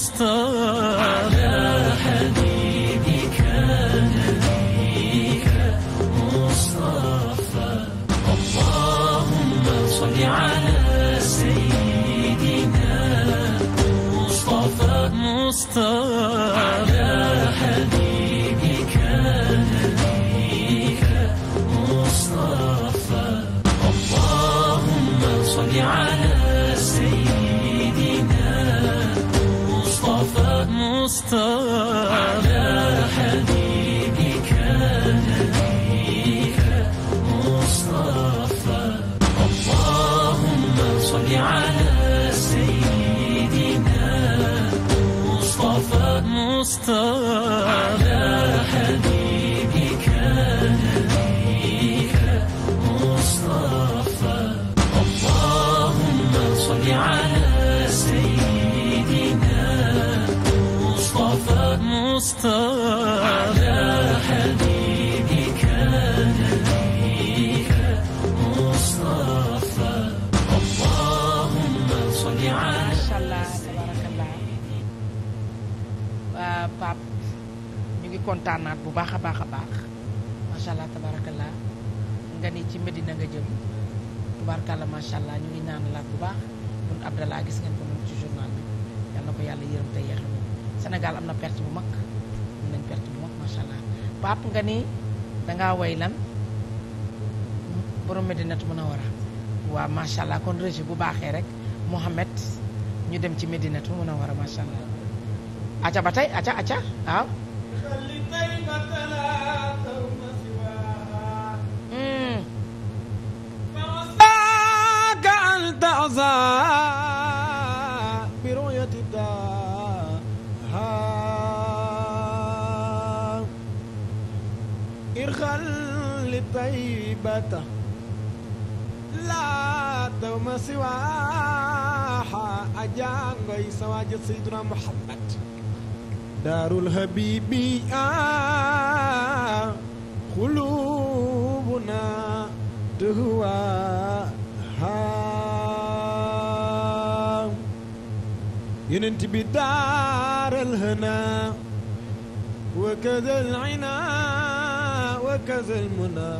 الوسطى على حبيبك نبيك مصطفى اللهم صل على سيدنا مصطفى مصطفى kontaan naat bu baax a baax a baax macha allah tabarakallah nga ni ci Medina nga jëm tubaarkàlla macha allah ñu ngi naan laat bu baax mun Abdallah gis ngeen ko moom ci journal bi yal ko yàlla yërëm te yeexam Sénégal am na perte bu mag am nañ perte bu mag macha allah Pape nga ni danga woy lan borom Medinatu Munawara waaw macha allah kon régie bu baaxee rek Mohamed ñu dem ci Medinatu Munawara macha allah aca ba tey aca aca waaw طيبة لا دوم سواها أجان غيسواج سيدنا محمد daarul habibi ah xulubuna tuhwa ah yonent bi daaral hana wa kazal ina wa kazal muna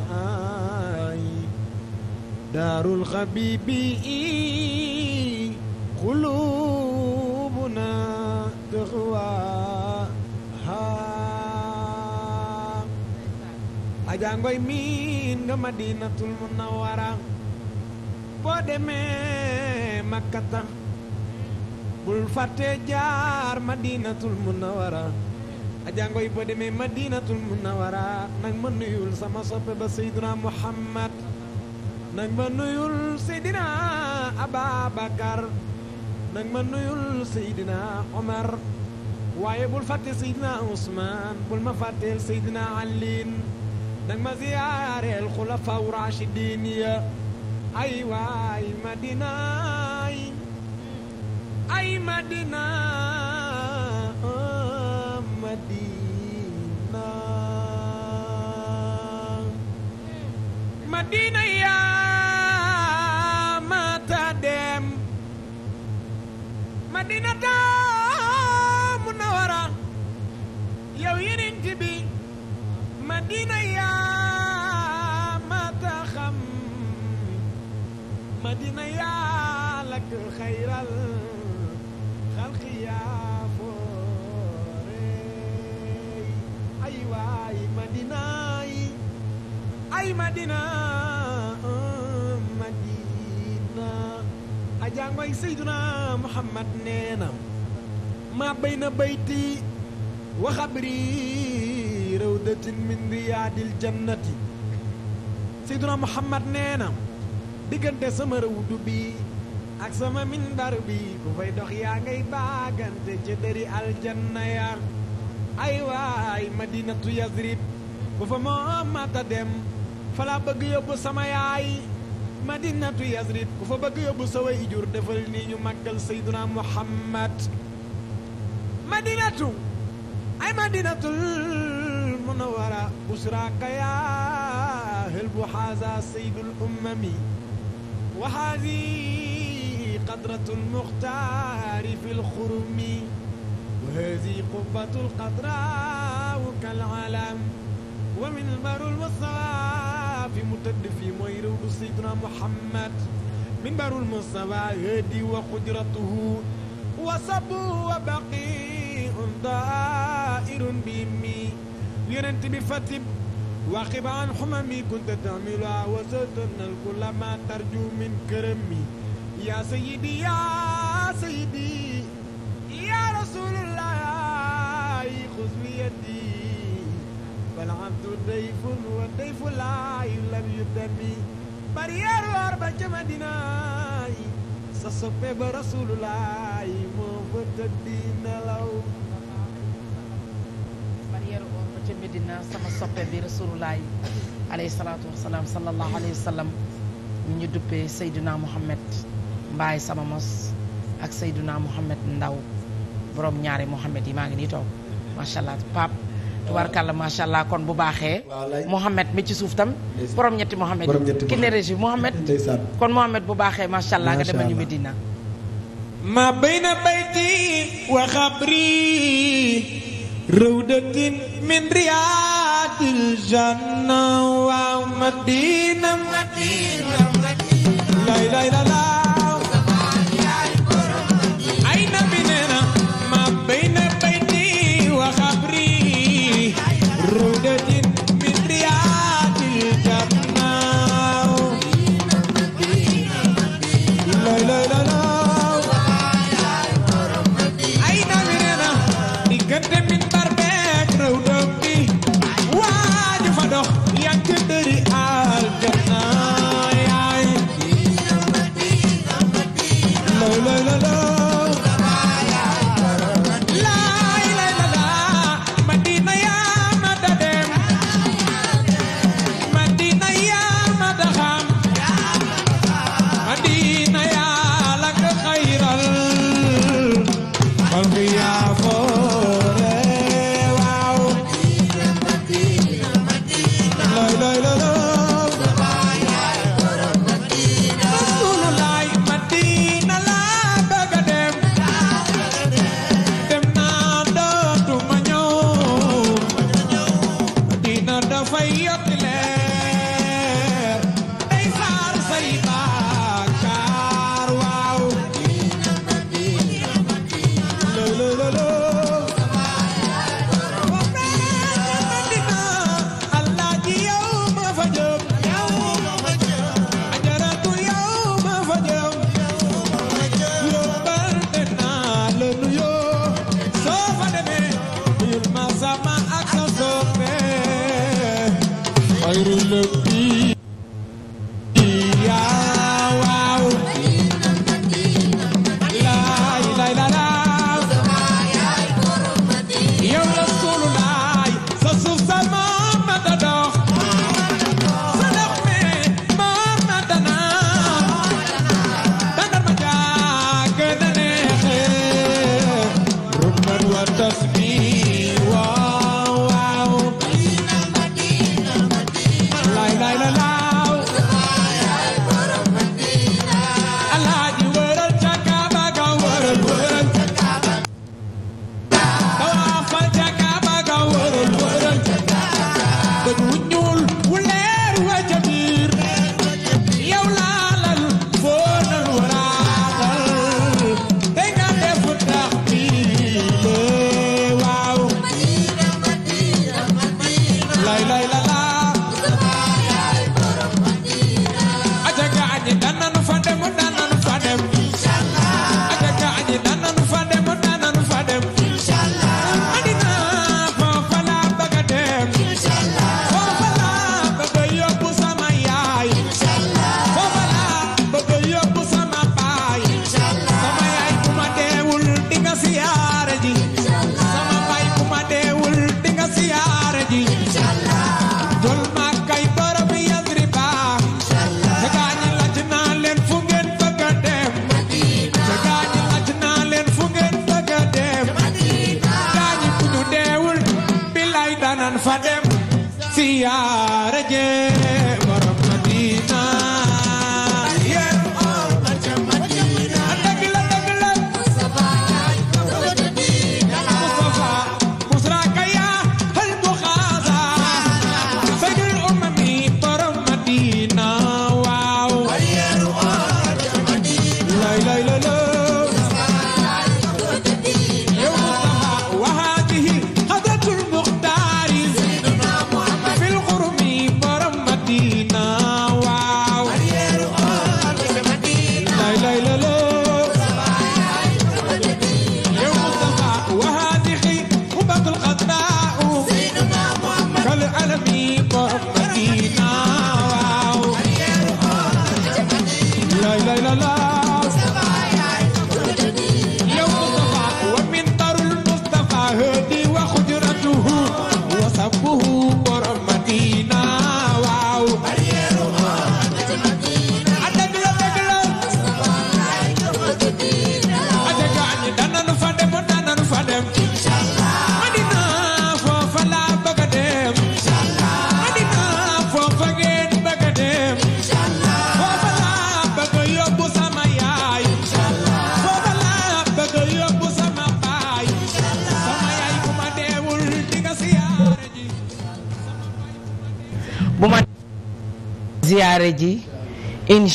daarul habibi xulubuna tuhwa jàngoy miin nga madinatul munawwara boo demee makkata bul fàtte jaar madinatul munawwara ajàngoy boo demee madinatul munawwara nag ma nuyul sama soppe ba seydina muhammad nag ma nuyul seydina ababakar nag ma nuyul seydina omar waaye bul fàtte seydina usman bul ma fàtteel seydina aliin nag ma ziyaareel xulafaaw raashidiin ya ay waay madinaay ay madina madina madina yaa mata dem madina taa munawara yow yeneen ci bi diina yaa mata xam madina yaa lakk xayral xalqi yaa foorey ay waay madina yi ay madina madina ajaa ngoy seyduna muhammad nee na ma bayna bayti wa xabri rawdatin min riyaadil jannati seyduna muhammad nee na diggante sama rawdu bi ak sama minbar bi ku fay dox yaa ngay baagante ci dëri aljanna ya ay waay madinatu yasrib bu fa moomata dem fala bëgg yóbbu sama yaay madinatu yasrib ku fa bëgg yóbbu sa way jur defal nii ñu màggal seyduna muhammad madinatu ay madinatul المنورة بشراك يا هلب حازا سيد الأمم وهذه قدرة المختار في الخرم وهذه قبة القدراء كالعالم ومنبر المصطفى متد في ميرو سيدنا محمد منبر المصطفى هادي وقدرته وصبه وبقيء ضائر بيمين yonent bi fatib waqib an xumami kunta tamiluha wa satanal kulla ma tarju min karami ya sayyidi ya sayyidi ya rasulullah xuz bi bal abdu dayfun wa dayfu la lam yudami barrière war ba ca sa soppe ba rasulullah moo fa Seydina sama soppe bi rasululaayi alayhi salaatu wasalaam sallallahu alayhi wa sallam ñu ñu duppee Seydina Mouhamed mbaay sama mos ak Seydina Mouhamed ndaw borom ñaari Mouhamed yi maa ngi nii toog macha allah Pape tubaarkàlla macha allah kon bu baaxee. Mouhamed mi ci suuf tam. borom ñetti Mouhamed ki ne régi Mouhamed kon Mouhamed bu baaxee macha allah nga demal ñu Medina. من رياض الجنة ومدينة مدينة مدينة لا لا لا لا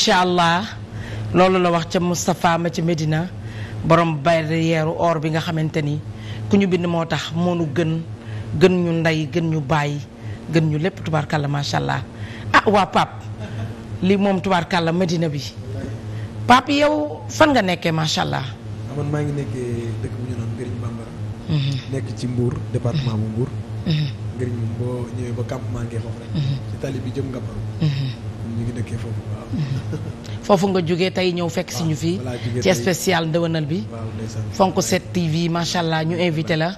incha allah loolu la wax ca Moustapha ma ci Medina borom barrière or bi nga xamante ni ku ñu bind moo tax moonu gën gën ñu ndey gën ñu bàyyi gën ñu lépp tubaarkàlla macha allah ah waa Pape lii moom tubaarkàlla Medina bi Pape yow fan nga nekkee macha allah. man maa ngi nekkee dëkk bu ñu naan Ngëriñ Bambara. Mhm. nekk ci Mbour département bu Mbour. Mhm. Ngëriñ boo ñëwee ba campement ngee foofu rek. Mhm. foofu nga jóge tey ñëw fekk si ñu fii. ci spécial ndëwënal bi. fonk 7 TV macha allah ñu invité la.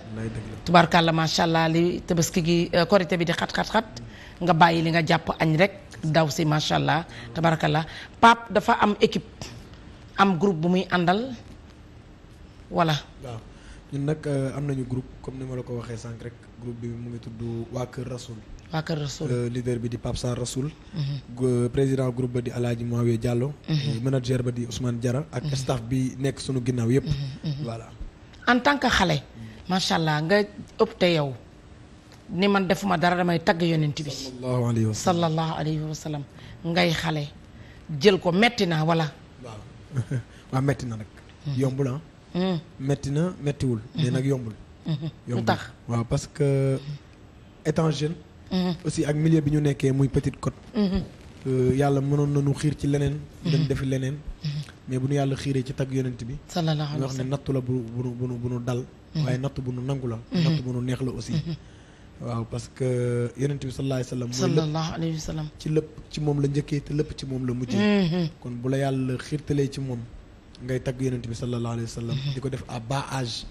la macha allah li tabaski gi euh, korité bi di xat xat nga bàyyi li nga jàpp añ rek daw si macha allah la Pape dafa am équipe am groupe bu muy àndal voilà. waaw ñun nag euh, am nañu groupe comme ni ma la ko waxee sànq rek groupe bi mu ngi tudd waa Kër Rasoul. waa Kër Rasoul euh, leader bi di Pape Sarr mhm. président groupe ba di Alaaji Mawe Diallo. Mhm. manager ba di Ousmane Diarra. ak mhm. staff bi nekk sunu ginnaaw yëpp. voilà en tant que xale. macha allah nga te yow. ni man defuma dara damay tag yonent bi. sallallahu alayhi wa sallam sallallahu alayhi wa sallam ngay xale jël ko metti na wala. waaw metti na nag. yombul ah. metti na mettiwul. mais nag yombul. lu tax waaw parce que Mm-hmm. aussi ak milieu bi ñu nekkee muy Petite Côte. Mm-hmm. Euh, yàlla mënoon nañu xiir ci leneen. Mm-hmm. dem defi leneen. mais bu nu yàlla xiiree ci tag yonent bi. sallallahu alayhi wa sallam bu bu bu bu nu dal. la. nattu bu nu neex bi sallallahu alayhi wa sallam. sallallahu alayhi wa sallam ci lépp ci moom la njëkkee te lépp ci moom la mujjee. kon bu la yàlla xiirtalee ci moom. ngay tagg yonent bi sallallahu alayhi wa sallam. di ko def à bas âge.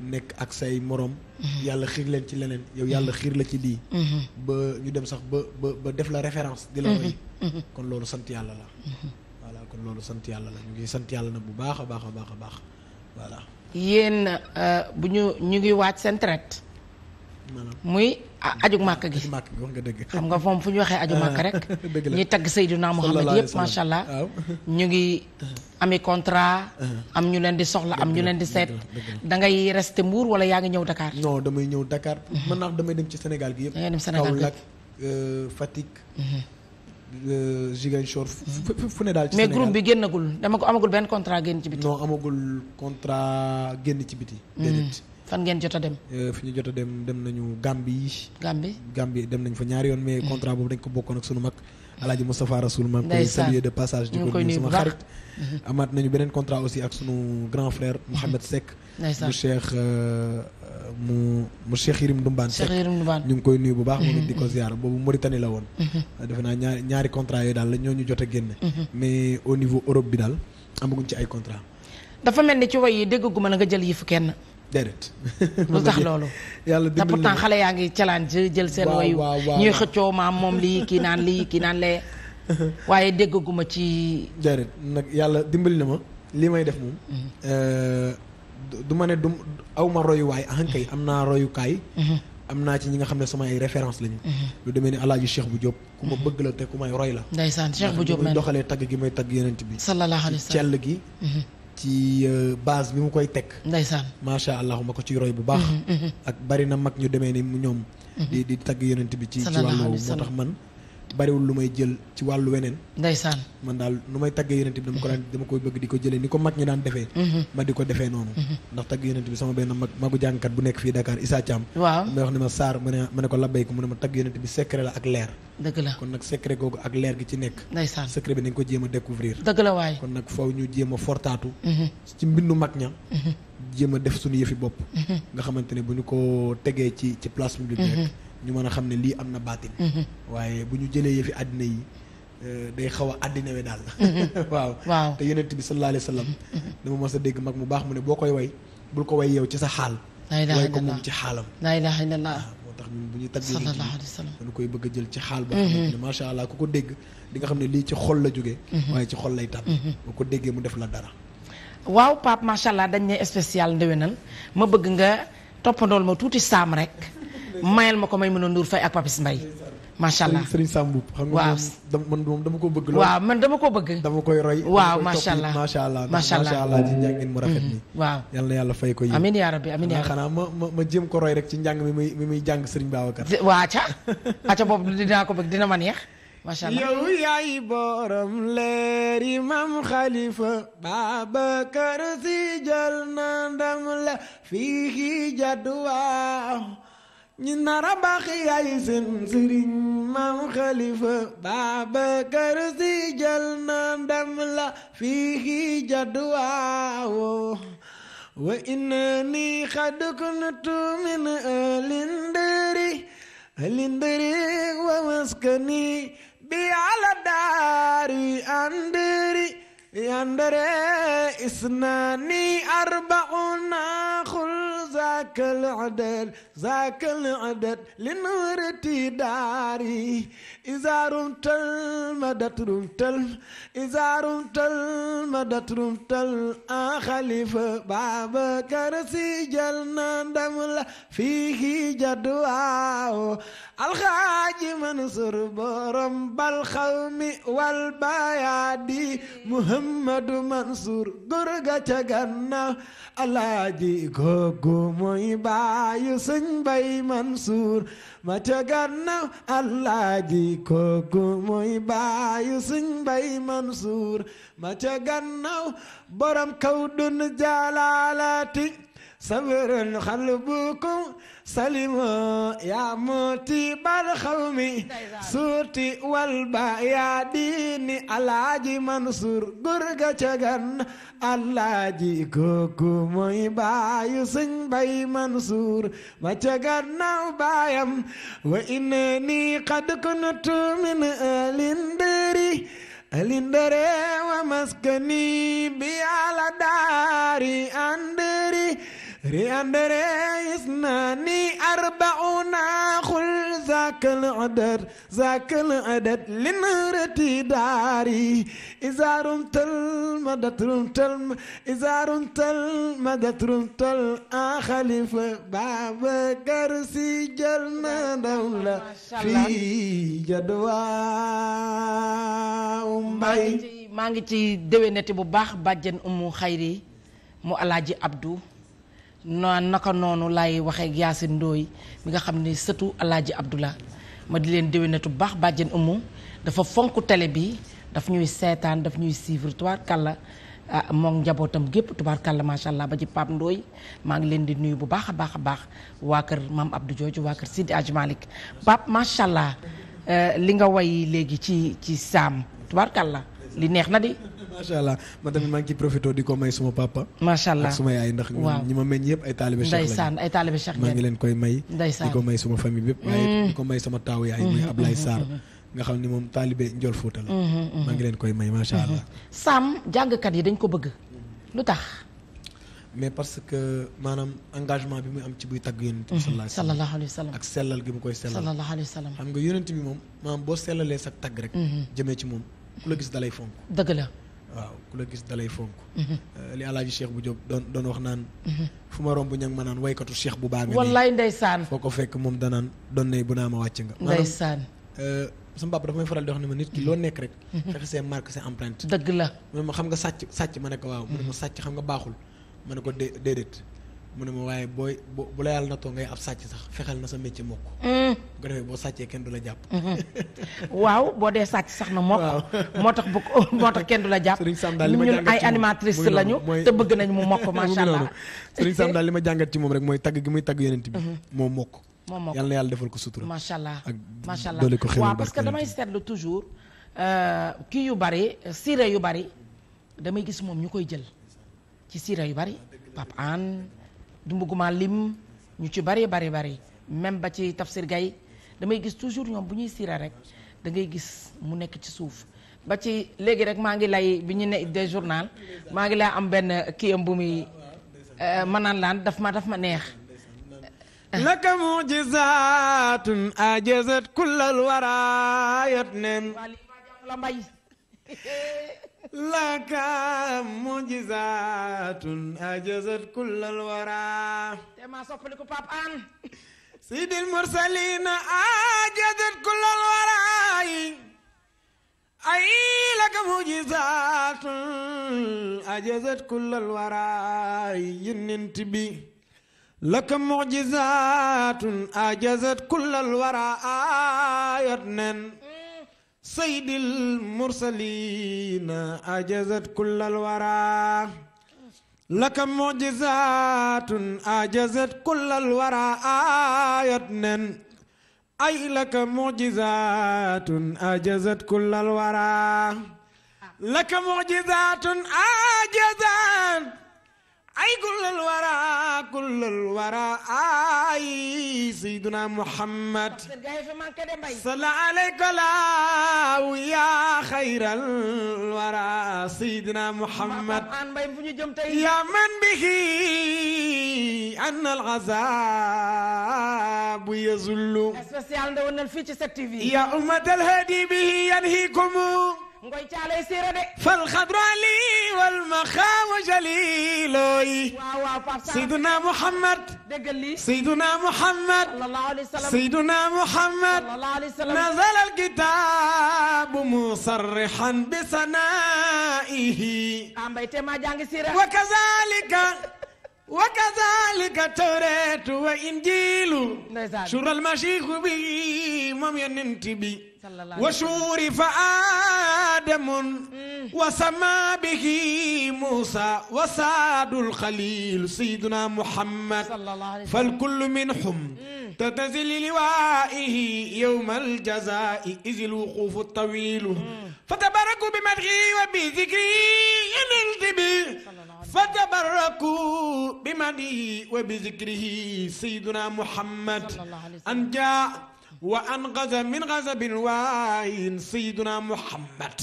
nekk ak say morom. Mhm. yàlla xiir leen ci leneen yow yàlla mhm. xiir la ci lii. Mhm. ba ñu dem sax ba ba ba def la référence. di la roy kon loolu sant yàlla la. voilà kon loolu sant yàlla la ñu ngi sant yàlla na bu baax a baax a baax a baax voilà. yéen euh, bu ñu ñu ngi waaj seen traite. muy. Ah, aju màkk gi wax nga dëgg xam nga moom fu ñu waxee aju màkk rek ñuy tagg Seydina Muhammad yëpp macha allah ñu ngi ami contrat uh-huh. am ñu leen di soxla am ñu leen di seet da ngay rester Mbour wala yaa ngi ñëw Dakar non damay ñëw Dakar uh-huh. mën naa damay dem ci Sénégal gi yëpp da ngay dem Sénégal Kaolack euh, Fatick uh-huh. euh, Ziguinchor fu ne daal ci mais groupe bi génnagul dama ko amagul benn contrat génn ci biti non amagul contrat génn ci biti fan ngeen jot a dem. Eh, fi ñu jot a dem dem nañu Gambie. Gambie Gambie dem nañ fa ñaari yoon mais mm. contrat boobu dañ ko bokkoon ak sunu mag. Alaaji Moustapha Rasoul maa ngi koy saluer de passage di ko nuyu Dumbaan mm-hmm. mm-hmm. Seck euh, ñu ngi koy nuyu bu baax moom it di ko mm-hmm. ziar boobu Mauritanie la woon defe naa ñaari ñaari contrat yooyu daal la ñoo ñu jot a génne mais au niveau Europe bi daal amaguñ ci ay contrat dafa mel ni ci way yi dégguma na nga jël yëfu kenn déedéet. lu tax loolu. yàlla dimbali pourtant xale yaa ngi challenge jël seen. wayu ñuy xëccoo maam moom lii kii naan lii kii naan lee. waaye déggaguma ci. déedéet nag yàlla dimbali na ma li may def moom. Mhm. Euh, du ma ne du aw ma royuwaay am naa royukaay. Mhm. am naa ci ñi nga xam ne sama ay référence lañu. Mhm. lu demee ni alaaji Cheikh bu Diop. ku ma bëgg la te ku may roy la. ndeysaan bu Diop bi. sallallahu alayhi cell gi. ci euh, base bi mu koy teg. ndeysaan macha ma ko ciy roy bu baax. Mm-hmm, mm-hmm. ak bari na mag ñu demee ni ñoom. Mm-hmm. di di tagg yonent bi ci ci wàllu moo tax man. bariwul lu may jël ci wàllu weneen ndeysaan man daal nu may tagg yonent bi dama ko daan dama koy bëgg di ko jëlee ni ko mag ñi daan defee mm-hmm. ma di ko defee noonu mm-hmm. ndax tagg yonent bi sama benn mag magu la ak leer dëgg la kon nag secret googu ak leer gi ci nekk ndeysaan secret bi nañ ko jéem a découvrir kon nag faw ñu jéem a fortaatu mm-hmm. ci mbindu mag ña jéem a def suñu yëfi bopp nga xamante ne bu ñu ko tegee ci ci place publique rek ñu mën a xam ne lii am na baatin mhm. waaye bu ñu jëlee yëfi àddina yi euh, day xaw a àddinawe daal mhm. waaw waaw te yonent bi sallallahu alayhi wa sallam mhm. dama mos a dégg mag mu baax mu ne boo koy way bul ko way yow ci sa xaal way ko moom ci xaalam laa ilaha illallah moo tax ñun bu ñu taggee dañu koy a jël ci xaal boo xam ne macha allah ku ko dégg di nga xam ne lii ci xol la jóge waaye ci xol lay tàbbi boo ko déggee mu def la ma bëgg nga toppandool ma tuuti saam rek mayal ma ko may mën a Ndour Faye ak Papis Mbaye macha allah Serigne Samb xam nga man moom dama ko bëgg waaw man dama ko bëgg dama koy roy waaw macha allah macha allah macha allah ci njàngin mu rafet ni mm-hmm. waaw yal na yàlla fay ko yi amin yaa rabbi amin yaa xanaa ma ma ma jéem ko roy rek ci njàng mi muy mi muy jàng Serigne Babacar waa aca aca boobu dinaa ko bëgg dina ma neex macha allah yow yaay borom leeri mam xalifa Babacar si jël na ndam la fii jadwa ñu nara baax yaay seen sëriñ maam xalifa Babacar Si jël wa inna ni xad min alindiri alindiri wa maskani bi ala daari andiri arbauna xul zaakal adal ذاك العدد لنورتي داري إذا رمت المدد رمت إذا رمت المدد رمت خليفة بابا كرسي جلنا دملا فيه جدواه الخاج منصور برم بالخوم والبيادي محمد منصور قرقة جنا الهاجي كوكو موي بايو سن sëriñ bay Mansour ma ca gannaaw Alaaji kooku mooy baayu sëriñ bay Mansour ma ca gannaaw borom kaw dun jalaalaati صبر قلبكم سلم يا موتي بالخومي صوتي والبا يا ديني الحاجي منصور غرغا تشغن الحاجي كوكو موي بايو سن باي منصور ما تشغن بايم وانني قد كنت من الندري الندري ومسكني بيالا داري اندري رياندري اثناني أربعنا خل ذاك العدد ذاك العدد لنرتي داري إذا رمت المدد رمت الم إذا رمت المدد رمت الأخليفة بابا كرسي جلنا دولة في جدوى مباي maa ngi ci déwénati bu baax bàjjen umu xayri mu alaaji abdou na naka noonu lay waxee ak Yacine Ndoye mi nga xam ni sëtu Alaaji Abdoulaye ma di leen déwénatu baax bàjjen umu dafa fonk télé bi daf ñuy seetaan daf ñuy suivre tubaarkàlla ah, moom njabootam gépp tubaarkàlla macha allah ba ci Pape Ndoye maa ngi leen di nuyu bu baax a baax a baax waa kër maam Abdou jooju waa kër Sidi Aj Malick Pape macha allah eh, li nga way léegi ci ci saam tubaarkàlla li neex na di. macha allah man tamit maa di ko may suma papa. macha allah ak suma yaay ndax. waaw ñi ma meññ yëpp ay taalibe Cheikh lañu. ndeysaan ay taalibe Cheikh maa ngi leen koy may. ndeysaan di ko may suma famille bépp. waaye mm. di ko may sama taaw yaay muy mm-hmm. Ablaye mm-hmm. Sarr. Mm-hmm. nga xam ni moom taalibe Ndiol Fouta la. maa ngi leen koy may macha allah. Sam jàngkat yi dañ ko bëgg lu tax. mais parce que maanaam engagement bi muy am ci buy tag yonent bi sallallahu alayhi wa sallam ak sellal gi mu koy sellal sallallahu alayhi wa sallam xam nga yonent bi moom maanaam boo sellalee sa tagg rek jëmee ci moom la gis dalay fonk waaw ku la gis dalay fonk mhm. euh, li alaaji cheikh bu Diop doon doon wax naan mhm. fu ma romb ñang ma naan waykatu cheikh bu baa nga wallaay ndeysaan foo ko fekk moom danaan doon nay bu naa ma wàcc nga ndeysaan euh, sama papa dafa may faral di wax ne ma nit ki loo mhm. nekk rek fexe see marque see empreinte dëgg la mu ma xam nga sàcc sàcc ma ne waaw mu ma sàcc xam nga baaxul ma ne déedéet mu ne ma waaye booy bu la yàlla natoo ngay ab sàcc sax fexeel na sa métier mokk. Mm. bu ko boo sàccee kenn du la jàpp. Mm-hmm. waaw boo dee sàcc sax na mokk. moo tax bu moo tax kenn du la jàpp. Serigne Sam daal li ma bëgg nañ mu mokk macha allah. Serigne Sam li ma jàngat ci moom rek mooy tagg gi muy tagg yonent bi. Mm-hmm. moo mokk. moo mokk yàlla na yàlla defal ko sutura. macha allah macha allah ak doole ko xewal waaw parce damay seetlu toujours euh, kii yu bari sire yu bari damay gis moom ñu koy jël ci sire yu bari Pape du mbugguma lim ñu ci bari bari bari même ba ci Tafsir gay damay gis toujours ñoom bu ñuy siira rek da ngay gis mu nekk ci suuf ba ci léegi rek maa ngi lay bi ñu ne des journal maa ngi lay am benn kii am bu muy euh, ma naan laan daf ma daf ma neex laka mujizatun ajazat kullal waraayat neen لك معجزات أجزت كل الورى تما صفلك باب أن سيد المرسلين أجزت كل الورى أي لك معجزات أجزت كل الورى يننت بي لك معجزات أجزت كل الورى آيات sayyidil mursalina ajazat kullal wara laka mujizatun ajazat kullal wara ayat nen ay laka mujizatun ajazat kullal wara laka mujizatun ajazat ay kullal wara kullal wara ay sayyiduna muhammad salla alayka law ya khayral wara sayyiduna muhammad ya man bihi anna al azab yazullu ya ummatal hadi bihi yanhikum ngoy caalay séera de fal xadrali wal maxaawa jalilooy sayduna muhammad déggal li sayduna muhammad sayduna muhammad nazala alkitaabu musarrihan bi sanaihi ambayte ma jàng séera wa kazalika وكذلك التوراة وإنجيل شر المشيخ بي مم ينتبي وشور فآل آدم وسما به موسى وسعد الخليل سيدنا محمد فالكل منهم تتزل لوائه يوم الجزاء إذ الوقوف الطويل فتباركوا بمدحه وبذكره ينلتبي فتباركوا بمدحه وبذكره سيدنا محمد أن جاء wa an gaza min gazabin waayin sayyiduna muhammad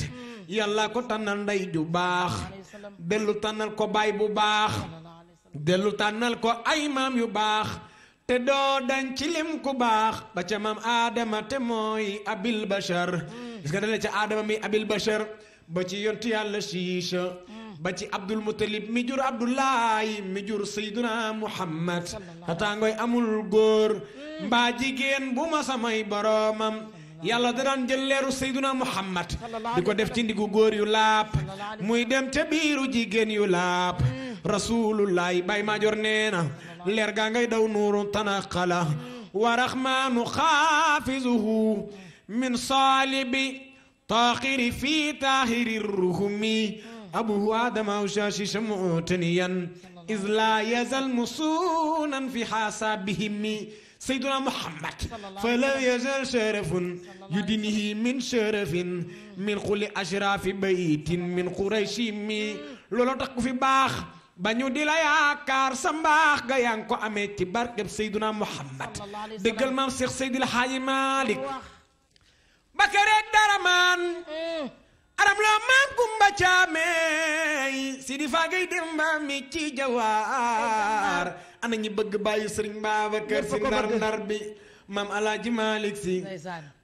yàlla ko tànnal ndey ju baax dellu tànnal ko baay bu baax dellu tànnal ko ay maam yu baax te doo ci lim ku baax ba ca maam aadama te mooy abil bashar gis dalee ca aadama mi abil bashar ba ci yontu yàlla siisa ba ci abdul muttalib mi jur abdullahi mi jur sayduna muhammad xataangoy amul góor mm. mbaa jigéen bu ma samay boroomam yàlla da daan jël leeru sayduna muhammad di ko def ci ndigu góor yu laap muy dem ca biiru jigéen yu laap mm. rasulullahi bay major nee na leer gaa ngay daw nuuru tanaqala mm. wa rahmaanu xaafizuhu min saalibi taaqiri fii taahiri ruhumi أبو آدم أوشاش شموتنيا إذ لا يزال مصونا fi حسابهم سيدنا محمد فلا يزال شرف يدنه من شرف من كل أشراف بيت من قريش لولا تقو في باخ ba ñu di la yaakaar sa mbaax ga yaa ngi ko barkeb Seyduna Muhammad dëggal maam Cheikh Seydil Haaji Malick ba kereeg aram loo maam kumba caamey si di faa ngay dem mi ci jawaar ana ñi bëgg bàyyi sëriñ Babacar si ndar ndar bi maam alaaji Malick si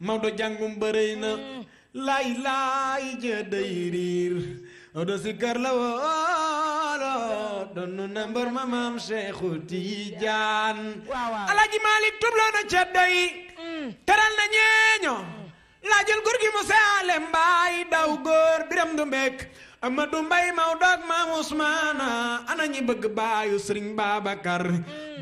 Maodo jàngum bërëy na mm. laay laay ja day riir Maodo si kar la woolo doonu na mbër ma maam Seexu Tijaan alaaji Malick tubloo na ca doy mm. teral na ñeeño laa jël góor gi mu seale mbaay daw góor biram du mbekk Amadou Mbay maw doog maam Ousmane ana ñi bëgg baayu Sëriñ Babacar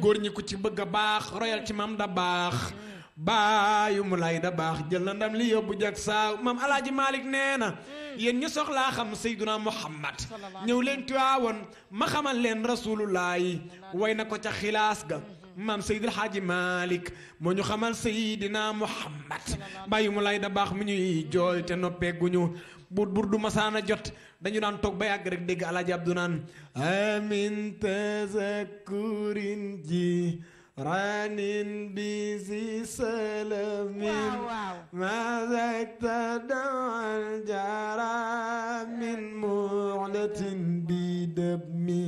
góor ñi ku ci bëgg a baax royal ci maam da baax baayu mu lay da baax jël na ndam li yóbbu jag saaw maam alaaji Malick nee na yéen ñu soxlaa xam Seyduna Muhammad ñëw leen Tiwaawoon ma xamal leen rasulullaay way na ko ca xilaas ga maam Seydil Hadji Malick moo ñu xamal Seydina Muhammad bàyyi mu lay da baax mu ñuy jooy te noppeeguñu buur buur du masaana jot dañu daan toog ba yàgg rek dégg alaaji Abdu naan amin tazakurin ji ranin bi muxlatin bi dëb mi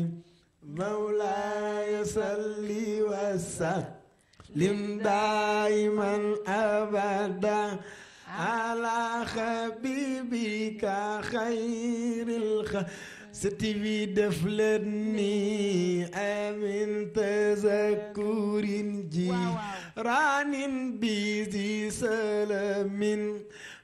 مولاي صلي وسلم دائما أبدا على خبيبك خير الخلق ستيفي دفلني امن تذكر جي ران بيزي سلام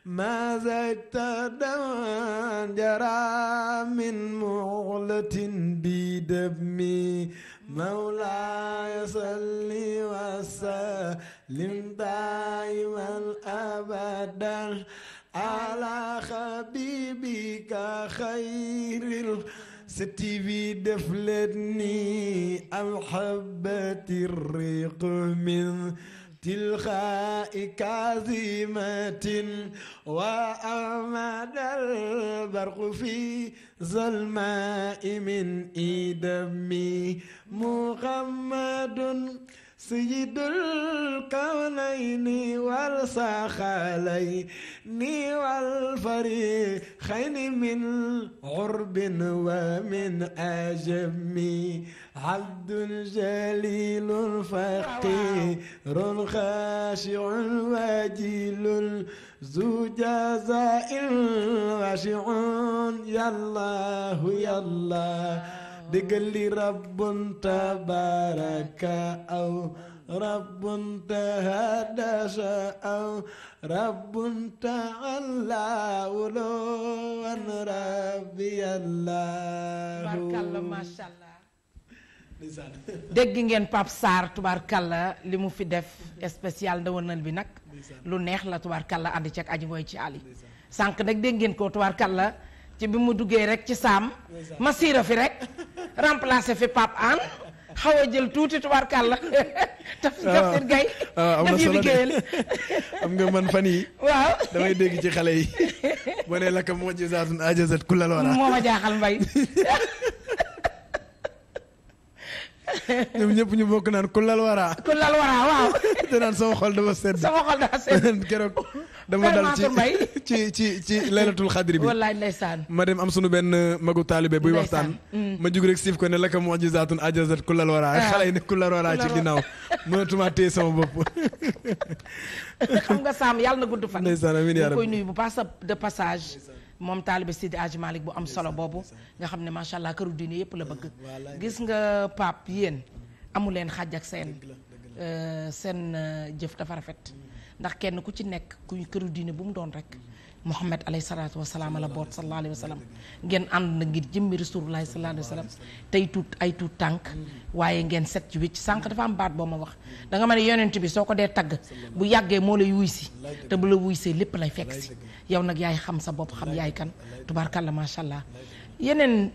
ما زيت دما جرى من مغلة بدمي مولاي صل وسلم دائما أبدا على حبيبك خير ستي في دفلتني الحبة الريق من تلقاء كاظمة وأمد البرق في ظلماء من إدمي محمد sayyidul kawnayni wal saxaalayni wal fariqayni min urbin wa min ajami abdun jalilun faqirun xaashiun wajilun zu jazain washiun yallahu yallah déggal li rabbun dégg ngeen Pape Sarr kalla li mu fi def spécial ndawanal bi nag lu neex la tubaar kalla ci cek aji mooy ci ali sànq nag dégg ngeen ko tubaarkalla ci bi mu duggee rek ci saam ma siira fi rek remplacé fi Pape An xaw a jël tuuti tubaarkàlla. taf ah. taf seen gay. Ah, am na solo de xam nga man fan yi waaw damay dégg ci xale yi boo nee la ka mu'jizatun ajazat kullal wara moo ma jaaxal mbay. ñoom ñëpp ñu bokk naan ku waraa. ku waraa waaw. te naan sama xol dafa sedd. sama xol dafa sedd keroog. dama dal ci ci ci ci laylatul xadri bi. wallaay ma dem am sunu benn magu taalibe buy waxtaan. Mm. ma jug rek siif ko ne la ka mujizatun ajazat ku lal waraa. Ah. waaw xale yi ne waraa ci ginnaaw. mënatuma téye sama bopp. xam nga Sam yàlla na gudd fan. ndeysaan amiin yaa rabbi koy nuyu bu passe de passage. moom taalibe Sidi Hadji Malick bu am solo boobu nga xam ne macha allah këru diine yëpp la bëgg gis nga pap yéen amu leen xàjj ak seen euh, seen euh, jëf dafa rafet mm. ndax kenn ku ci nekk ku këru diine bu mu doon rek mm. Muhammad alayhi salaatu wa salaam la boot sallallahu alayhi wa ngeen ànd na ngir jëmmi rasulullahi sallallahu alayhi wa sallam tey tuut ay tuut tànk waaye ngeen set ci wicc sànq dafa am baat boo ma wax danga ma ne yonent bi soo ko dee tagg bu yàggee moo lay wuy si te bu la wuy see lépp lay fekk si yow nag yaay xam sa bopp xam yaay kan tubaarkàlla macha allah yeneen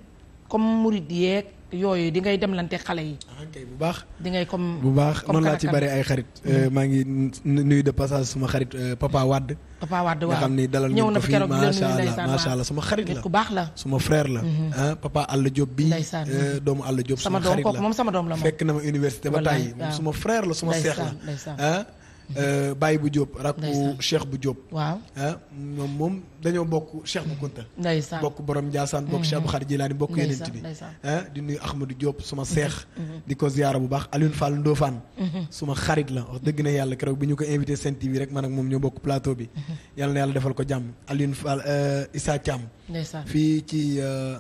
comme murid yeeg yooyu di ngay demlante xale yi. Ah, bu baax di ngay comme. bu baax noonu laa ci bari ay xarit. Euh, hmm. maa ngi nuyu de passage suma xarit euh, Papa Wade. Papa Wade waaw nga xam ni dalal ngeen ko fi macha allah macha allah suma xarit la baax la suma frère la. Hmm. Ah, Papa Alla Diop bii. Euh, doomu Alla Diop suma xarit la sama doom kooku moom sama doom la moom. fekk na ma université ba tàyyi suma frère la suma seex la. Ah, Euh, Baye bu Diop rakku Cheikh bu Diop. waaw ah moom dañoo bokk Cheikh bu Kunta. ndeysaan bokk borom Ndiassane bokk Cheikh mhm. bu Xar Jilaani bokk yeneen bi. ah di nuyu Ahmadou Diop suma mhm. seex. Mhm. di ko ziyaara bu baax Alioune Fall Ndofane. suma xarit la wax dëgg na yàlla keroog bi ñu ko invité Sen TV rek man ak moom ñoo bokk plateau bi. yàlla na yàlla defal ko jàmm Alioune Fall euh, Issa Thiam. fii ci. Euh,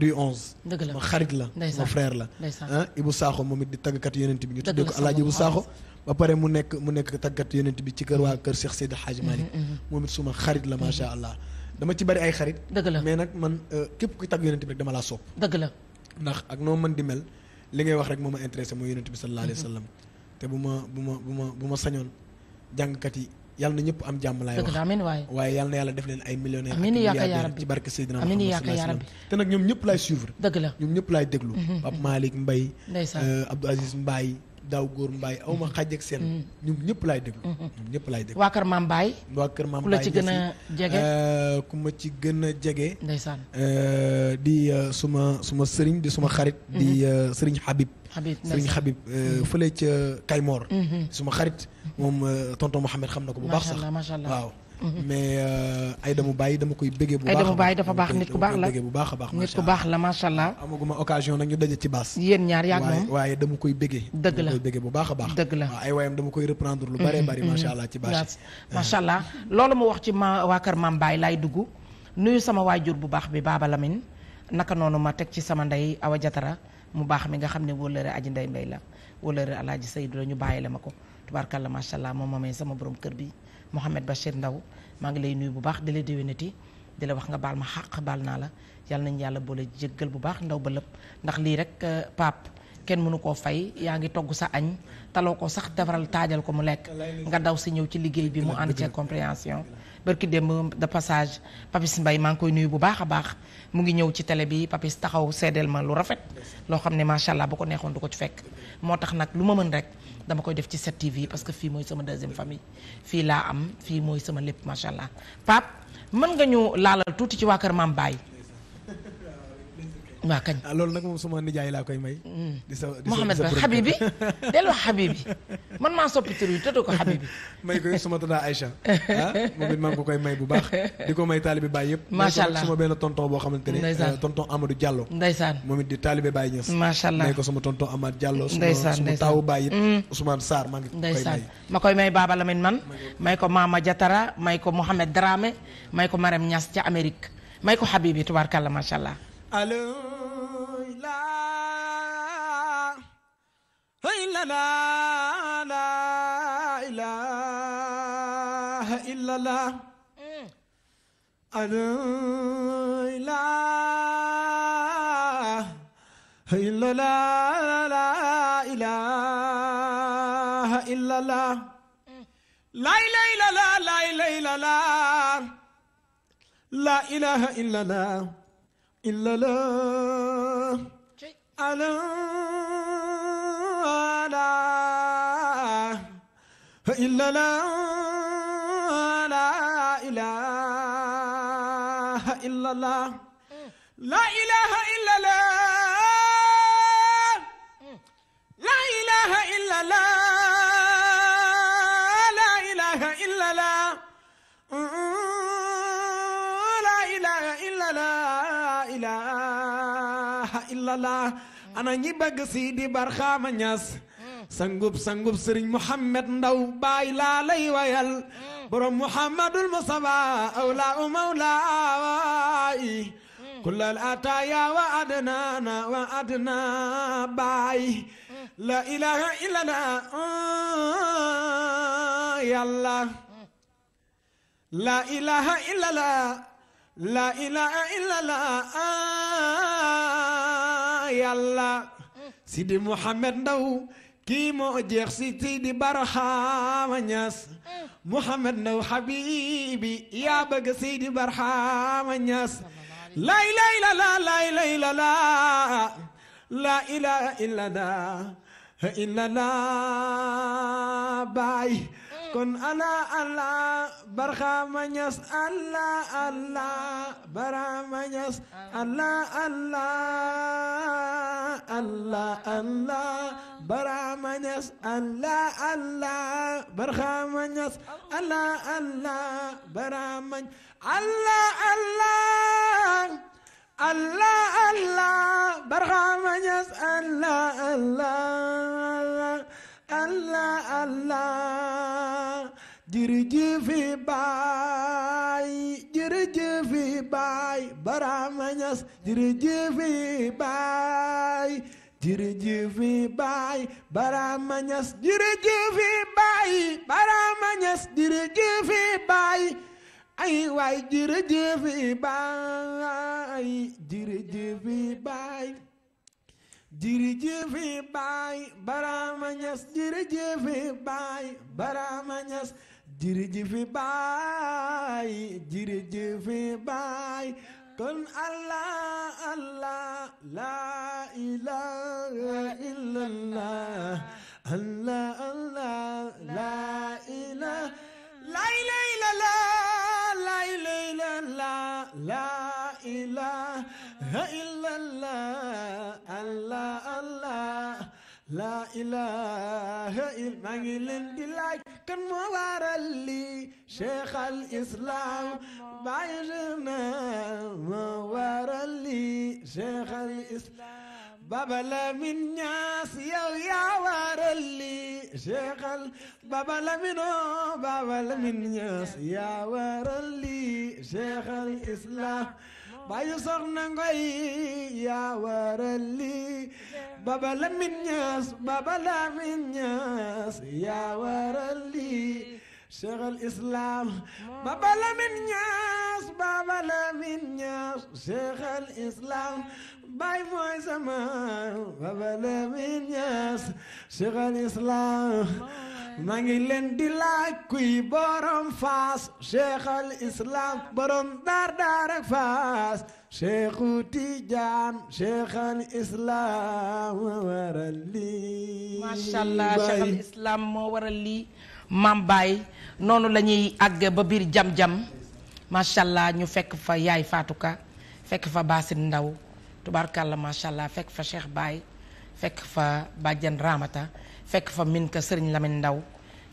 rue 11. la ma xarit la. ma frère la. Ah, Ibou Sakho moom it di tàggkat yeneen bi ñu tuddee ko El ba pare mu nekk mu nekk tàggat yonent bi ci kër waa kër Cheikh Seydi Hadji mm-hmm, Malick mm-hmm. moom it suma xarit la macha mm-hmm. allah dama ci bari ay xarit la mais nag man euh, képp ku tàgg yonent bi rek dama laa sopp dëgg la ndax ak noo mën di mel li ngay wax rek moo ma intéressé mooy yonent bi sallallahu alayhi wa te ma bu ma bu ma bu yi yàlla na ñëpp am jàmm laay wax waaye yàlla yaa rabbi ci barke Seydina Muhammad te nag ñoom ñëpp laay suivre la ñoom ñëpp laay déglu Pape Malick Mbaye euh, Abdou Aziz Mbaye daaw góor mbaay aw ma xàjj ak seen. Mm-hmm. ñoom ñëpp laay déglu. Mm-hmm. ñoom ñëpp laay déglu waa kër maam Baye. waa kër ci gën a jege. Euh, ku ma ci gën a jege. ndeysaan. Euh, di euh, suma suma sëriñ di suma xarit. Mm-hmm. di sëriñ Habib. Habib sëriñ Habib Kaymoor. suma xarit moom tonton Mouhamed xam na ko bu baax sax waaw. mais ay damu bàyyi dama koy bëggee bu baax ay dafa baax nit ku baax la bu baax a baax nit ku baax la macha allah ah, amaguma occasion nag ñu daje ci baas yéen ñaar yaag moom waaye dama koy bëggee dëgg la koy bu baax a baax dëgg la ah, ay waayam dama koy reprendre lu bëree bëri macha mm-hmm. allah ci baas macha allah ah. loolu mu wax ci ma waa kër maam Baye laay dugg nuyu sama waajur bu baax bi Baba naka noonu ma teg ci sama ndey Awa Jatara mu baax mi nga xam ne wóllëre aji ndey mbay la wóllëre alaaji Seydou la ñu bàyyi la ma ko tubaarkalla macha allah moom moomee sama borom kër bi Mouhamed Bachir Ndaw maa ngi lay nuyu bu baax di la déwénati di la wax nga baal ma xàq baal naa la yàlla nañu yàlla boole jéggal bu baax ndaw ba lépp ndax lii rek euh, Pape kenn mënu koo fay yaa ngi togg sa añ taloo ko sax defaral taajal ko mu lekk nga daw si ñëw ci liggéey bi mu ànd ci compréhension bërki démb de passage Papis Mbaye maa ngi koy nuyu bu baax a baax mu ngi ñëw ci télé bi Papis taxaw seedeel ma lu rafet loo xam ne macha allah bu ko neexoon ko ci fekk dama koy def ci 7TV parce que fii mooy sama deuxième famille fii laa am fii mooy sama lépp macha allah Pape mën nga ñu laalal tuuti ci waa kër Maam baay waa kañ ah, loolu nag moom suma nijaay laa koy may. Hmm. di sa di sa Mouhamed Ba Habibi del wax Habibi man maa soppi tur yi tëdd ko Habibi. may koy suma tadaa Aïcha ah moom it maa ngi ko koy may bu baax di ko may taalibe Baye yëpp. macha allah suma benn tonton boo xamante ne. ndeysaan euh, tonton Amadou Diallo. ndeysaan moom it di taalibe Baye Niass. macha allah may ko suma tonton Amadou Diallo. ndeysaan suma taawu Baye it. Hmm. Ousmane Sarr maa ngi koy may. ndeysaan ma koy may Baba Lamine man may ko Mama Diatara may ko Mouhamed Dramé may ko Marème Niass ca Amérique may ko Habibi tubaarkàlla macha allah allo إلا لا لا إله إلا الله أنا إله إلا لا لا إله إلا الله لا إله إلا لا لا إله إلا لا لا إله إلا لا إلا لا أنا إلا لا لا إله إلا الله لا إله إلا لا لا إله إلا لا لا إله إلا لا لا إله إلا لا إله إلا الله أنا نيبك سيدي برخام ناس sangub sangub sëriñ muhammad ndaw baay laa lay wayal mm. borom muhammadul mustafa awla u mawla waay mm. kullal ataaya wa adnaana wa adna baay mm. la ilaha illana la ilaha illala la sidi muhammad ndaw kii moo jeex si Seydi Barhama Niass Muhammad naw habibi yaa bëgg Seydi Barhama Niass lay lay la la lay lay la la la ilaha illa la illa baay kon allah allah barxaama ñas allah allah barama ñas allah allah allah allah barama ñas allah allah barxaama ñas allah allah barama allah allah allah allah barxaama ñas allah allah allah allah jërëjëfi baay jërëjëfi baay Barama Ñas jërëjëfi baay jërëjëfi baay Barama Ñas jërëjëfi baay Barama Ñas jërëjëfi baay ay waay jërëjëfi baay jërëjëfi baay jërëjëfe baay Barama Ñas jërëjëfe baay Barama Ñas jërëjëfe baay jërëjëfe baay kon allah allah la ilaha illallah allah Ismaïl maa ngi leen di laaj kan moo waral lii Cheikh al Islam bàyyi na moo waral lii Cheikh al Islam Baba Lamin Ñas yaa waral lii Cheikh al Baba Lamin oo oh, Baba Lamin yaa waral lii Baba Lamine Niass Baba Lamine Niass yaa waral lii Cheikh al Islam Baba Lamine Niass Baba Lamine Niass Cheikh al Islam Baay mooy sama Baba Lamine Niass Cheikh al Islam maa ngi leen di laaj kuy borom faas Cheikh al Islam borom daar daar faas Seexu Tijaan Seexal Islaam moo waral lii. macha allah maam Baye noonu la ñuy àgg ba biir jam-jam macha allah ñu fekk fa yaay Faatuka fekk fa Baasin Ndaw tubaarkàlla macha allah fekk fa Cheikh baay fekk fa Badiane Ramata fekk fa min ka Sëriñ Lamine Ndaw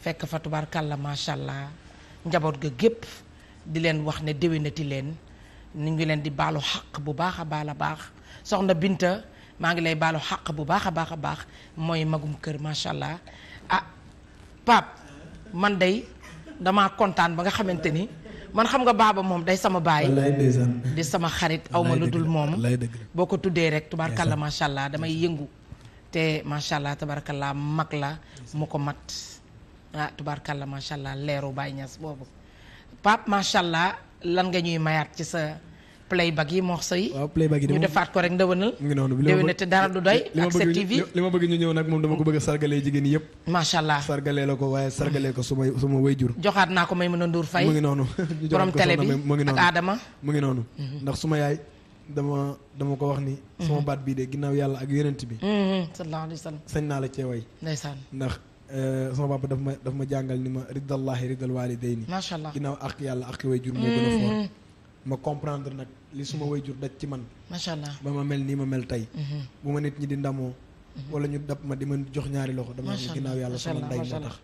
fekk fa tubaarkàlla macha allah njaboot ga gépp di leen wax ne déwénati leen. ñu ngi leen di baalu xaq bu baax a baal a baax soxna Binta maa ngi lay baalu xaq bu baax a baax a baax mooy magum kër macha allah ah Pape man day dama kontaan ba nga xamante ni man xam nga baaba moom day sama baay di sama xarit aw ma lu dul moom boo ko tuddee rek tubaarkalla macha allah damay yëngu te macha allah tabaarkalla mag la mu ko mat ah tubaarkalla macha allah leeru Baay Ñas boobu Pape macha lan nga ñuy mayaat ci sa playback yi morceau yi. waaw playback yi ñu defaat ko rek ndëwënal. ngi noonu déwénal te dara du doy. ak sa TV li ma bëgg ñu ñëw nag moom dama ko bëgg a sargalee jigéen yëpp. macha allah sargalee joxaat naa ko may mën a nduur fay. mu ngi noonu borom télé bi ak Adama mu mhm. yaay. dama dama ko wax ni. sama mhm. baat bii de ginnaaw yàlla ak yonent bi. Mhm, sa alayhi wa sallam. sañ naa la cee way. ndeysaan ndax. Euh, sama papa daf ma daf ma jàngal ni ma riddallaahi riddal waalidayni macha allah ginnaaw ak yàlla ak way jur moo gën a mm-hmm. ma comprendre nag li suma way jur daj ci man macha ba ma mel nii ma mel tey mm-hmm. bu ma nit ñi di ndamoo mm-hmm. wala ñu dab ma di ma jox ñaari loxo dama xam ginnaaw yàlla sama nday moo tax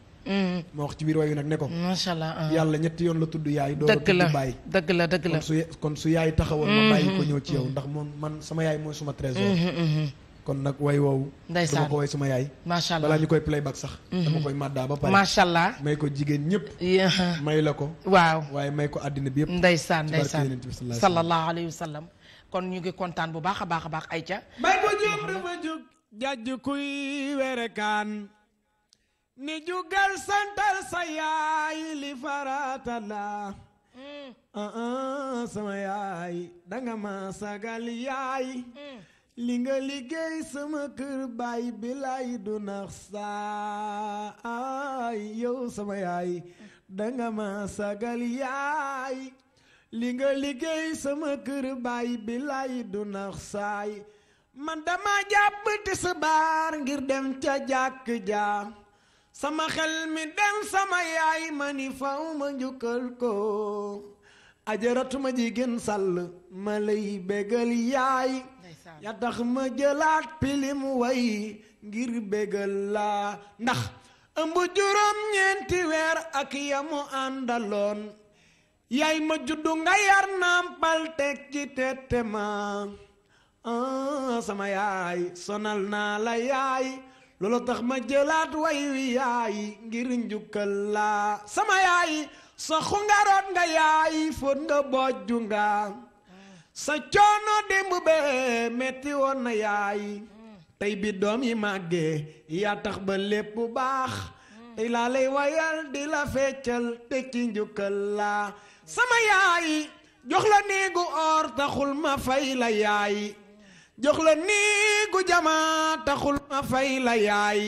ma wax ci biir wayu nag ne ko macha uh-huh. yàlla ñetti yoon la tudd yaay doo tudd bàyyi dëgg la dëgg la kon su kon su yaay taxawoon ma bàyyi ko ñëw ci yow ndax moom man sama kon nag way woowu. ndeysaan dama ko way suma yaay. macha allah balaa ñu koy playback sax. Mhm. dama koy maddaa ba pare. macha may ko jigéen ñëpp. may la ko. waaw waaye may ko àddina bi yëpp. ndeysaan ndeysaan sallallahu alayhi wa sallam kontaan bu baax baax a ay ca. may ko sa yaay li farata la. Mm. Ah, ah, sama yaay danga ma sagal yaay. Mm. li nga liggéey sama kër baay bi laay du nax saay yow sama yaay danga ma sagal yaay li nga liggéey sama kër baay bi laay du nax saay man dama jàpp ti baar ngir dem ca jàkk ja sama xel mi dem sama yaay ma ni faw ma njukkal ko ajaratuma jigéen sàll ma lay bégal yaay ya tax ma jëlaat pilim way ngir bégal la ndax ëmb juróom ñeenti weer ak yamu àndaloon yaay ma juddu nga yar nàmpal teg tette ma ah, sama yaay sonal naa la yaay loolu tax ma jëlaat way yaay ngir njukkal la sama yaay soxu nga root nga yaay fóot nga bojju nga sa coono démb bee metti woon na yaay tey bi doom yi màggee yaa tax ba lépp baax tey laa lay wayal di la feccal te ci njukkal laa sama yaay jox la néegu or taxul ma fay la yaay jox la néegu jama taxul ma fay la yaay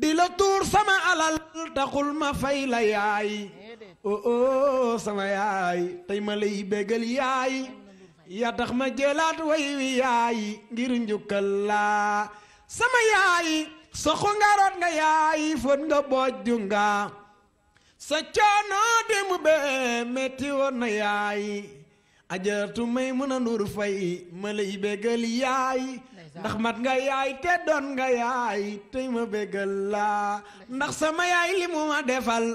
di la tuur sama alal taxul ma fay la yaay oo oh, oh, sama yaay tey ma lay bégal yaay ya tax ma jëlaat way wi yaay ngir njukkal laa sama yaay soxu nga root nga yaay fóot nga bojju nga sa coono démb bee metti woon na yaay ajartu may mën a ndur fay ma lay bégal yaay ndax mat nga yaay te doon nga yaay tey ma bégal laa ndax sama yaay li mu ma defal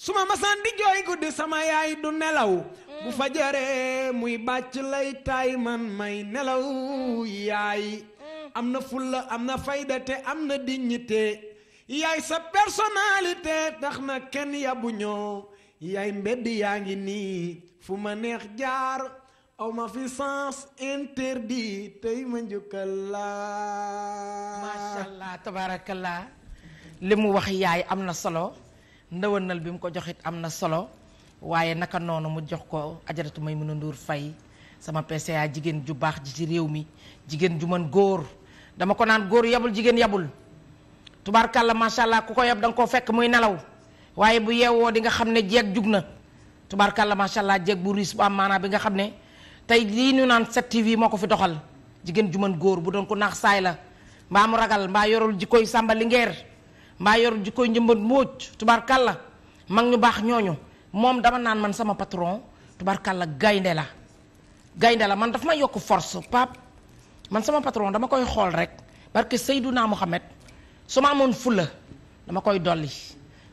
su ma masaan di jooy guddi sama yaay du nelaw bu fajaree muy bàcc lay taay man may nelaw yaay am na fulla am na fayda te am na dignité yaay sa personnalité tax na kenn yabu ñoo yaay mbedd yaa ngi nii fu ma neex jaar aw ma fi sens interdit tey ma njukkal laa macha allah tabarakallah li mu wax yaay am na solo ndëwënal bi mu ko joxit am na solo waaye naka noonu mu jox ko ajaratu a Ndour fay sama PCA jigéen ju baax ji ci réew mi jigéen ju mën góor dama ko naan góor yabul jigéen yabul tubaarkàlla macha allah ku ko yab da nga koo fekk muy nelaw waaye bu yeewoo di nga xam ne jeeg jug na tubaarkàlla macha allah jeeg bu riis bu am maanaa bi nga xam ne tey lii ñu naan 7TV moo ko fi doxal jigéen ju mën góor bu doon ko naax saay la mbaa mu ragal mbaa yorul jikkooy sàmba lingeer mbaa yor jikkoy njëmbat mbóoj tubarkalla mag ñu baax ñooñu moom dama naan man sama patron tubarkalla gaynde la gaynde la man daf ma yokk force pap man sama patron dama koy xool rek barke naa Mohamed su ma amoon fula dama koy dolli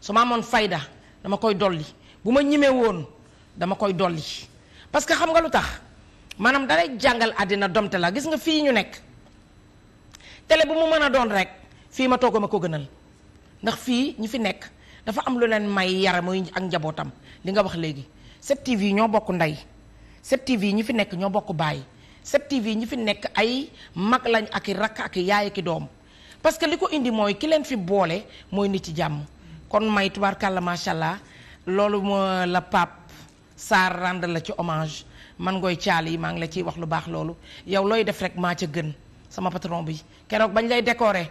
su ma amoon fayda dama koy dolli bu ma ñimee woon dama koy dolli parce que xam nga lu tax maanaam dalay jàngal àddina domte la gis nga fii ñu nekk tele bu mu mën a doon rek fii ma toog ma ko gënal ndax fii ñi fi nekk dafa am lu leen may yara ak njabootam li nga wax léegi 7TV ñoo bokk ndey 7TV ñi fi nekk ñoo bokk baay 7TV ñi fi nekk ay mag lañ ak i rakk ak i yaay ak doom parce que li ko indi mooy ki leen fi boole mooy nit ci jàmm kon may kàll macha allah loolu moo la pap Sarr rendre la ci hommage man ngoy caal yi maa ngi la ciy wax lu baax loolu yow looy def rek maa ca gën sama patron bi keroog bañ lay décorer.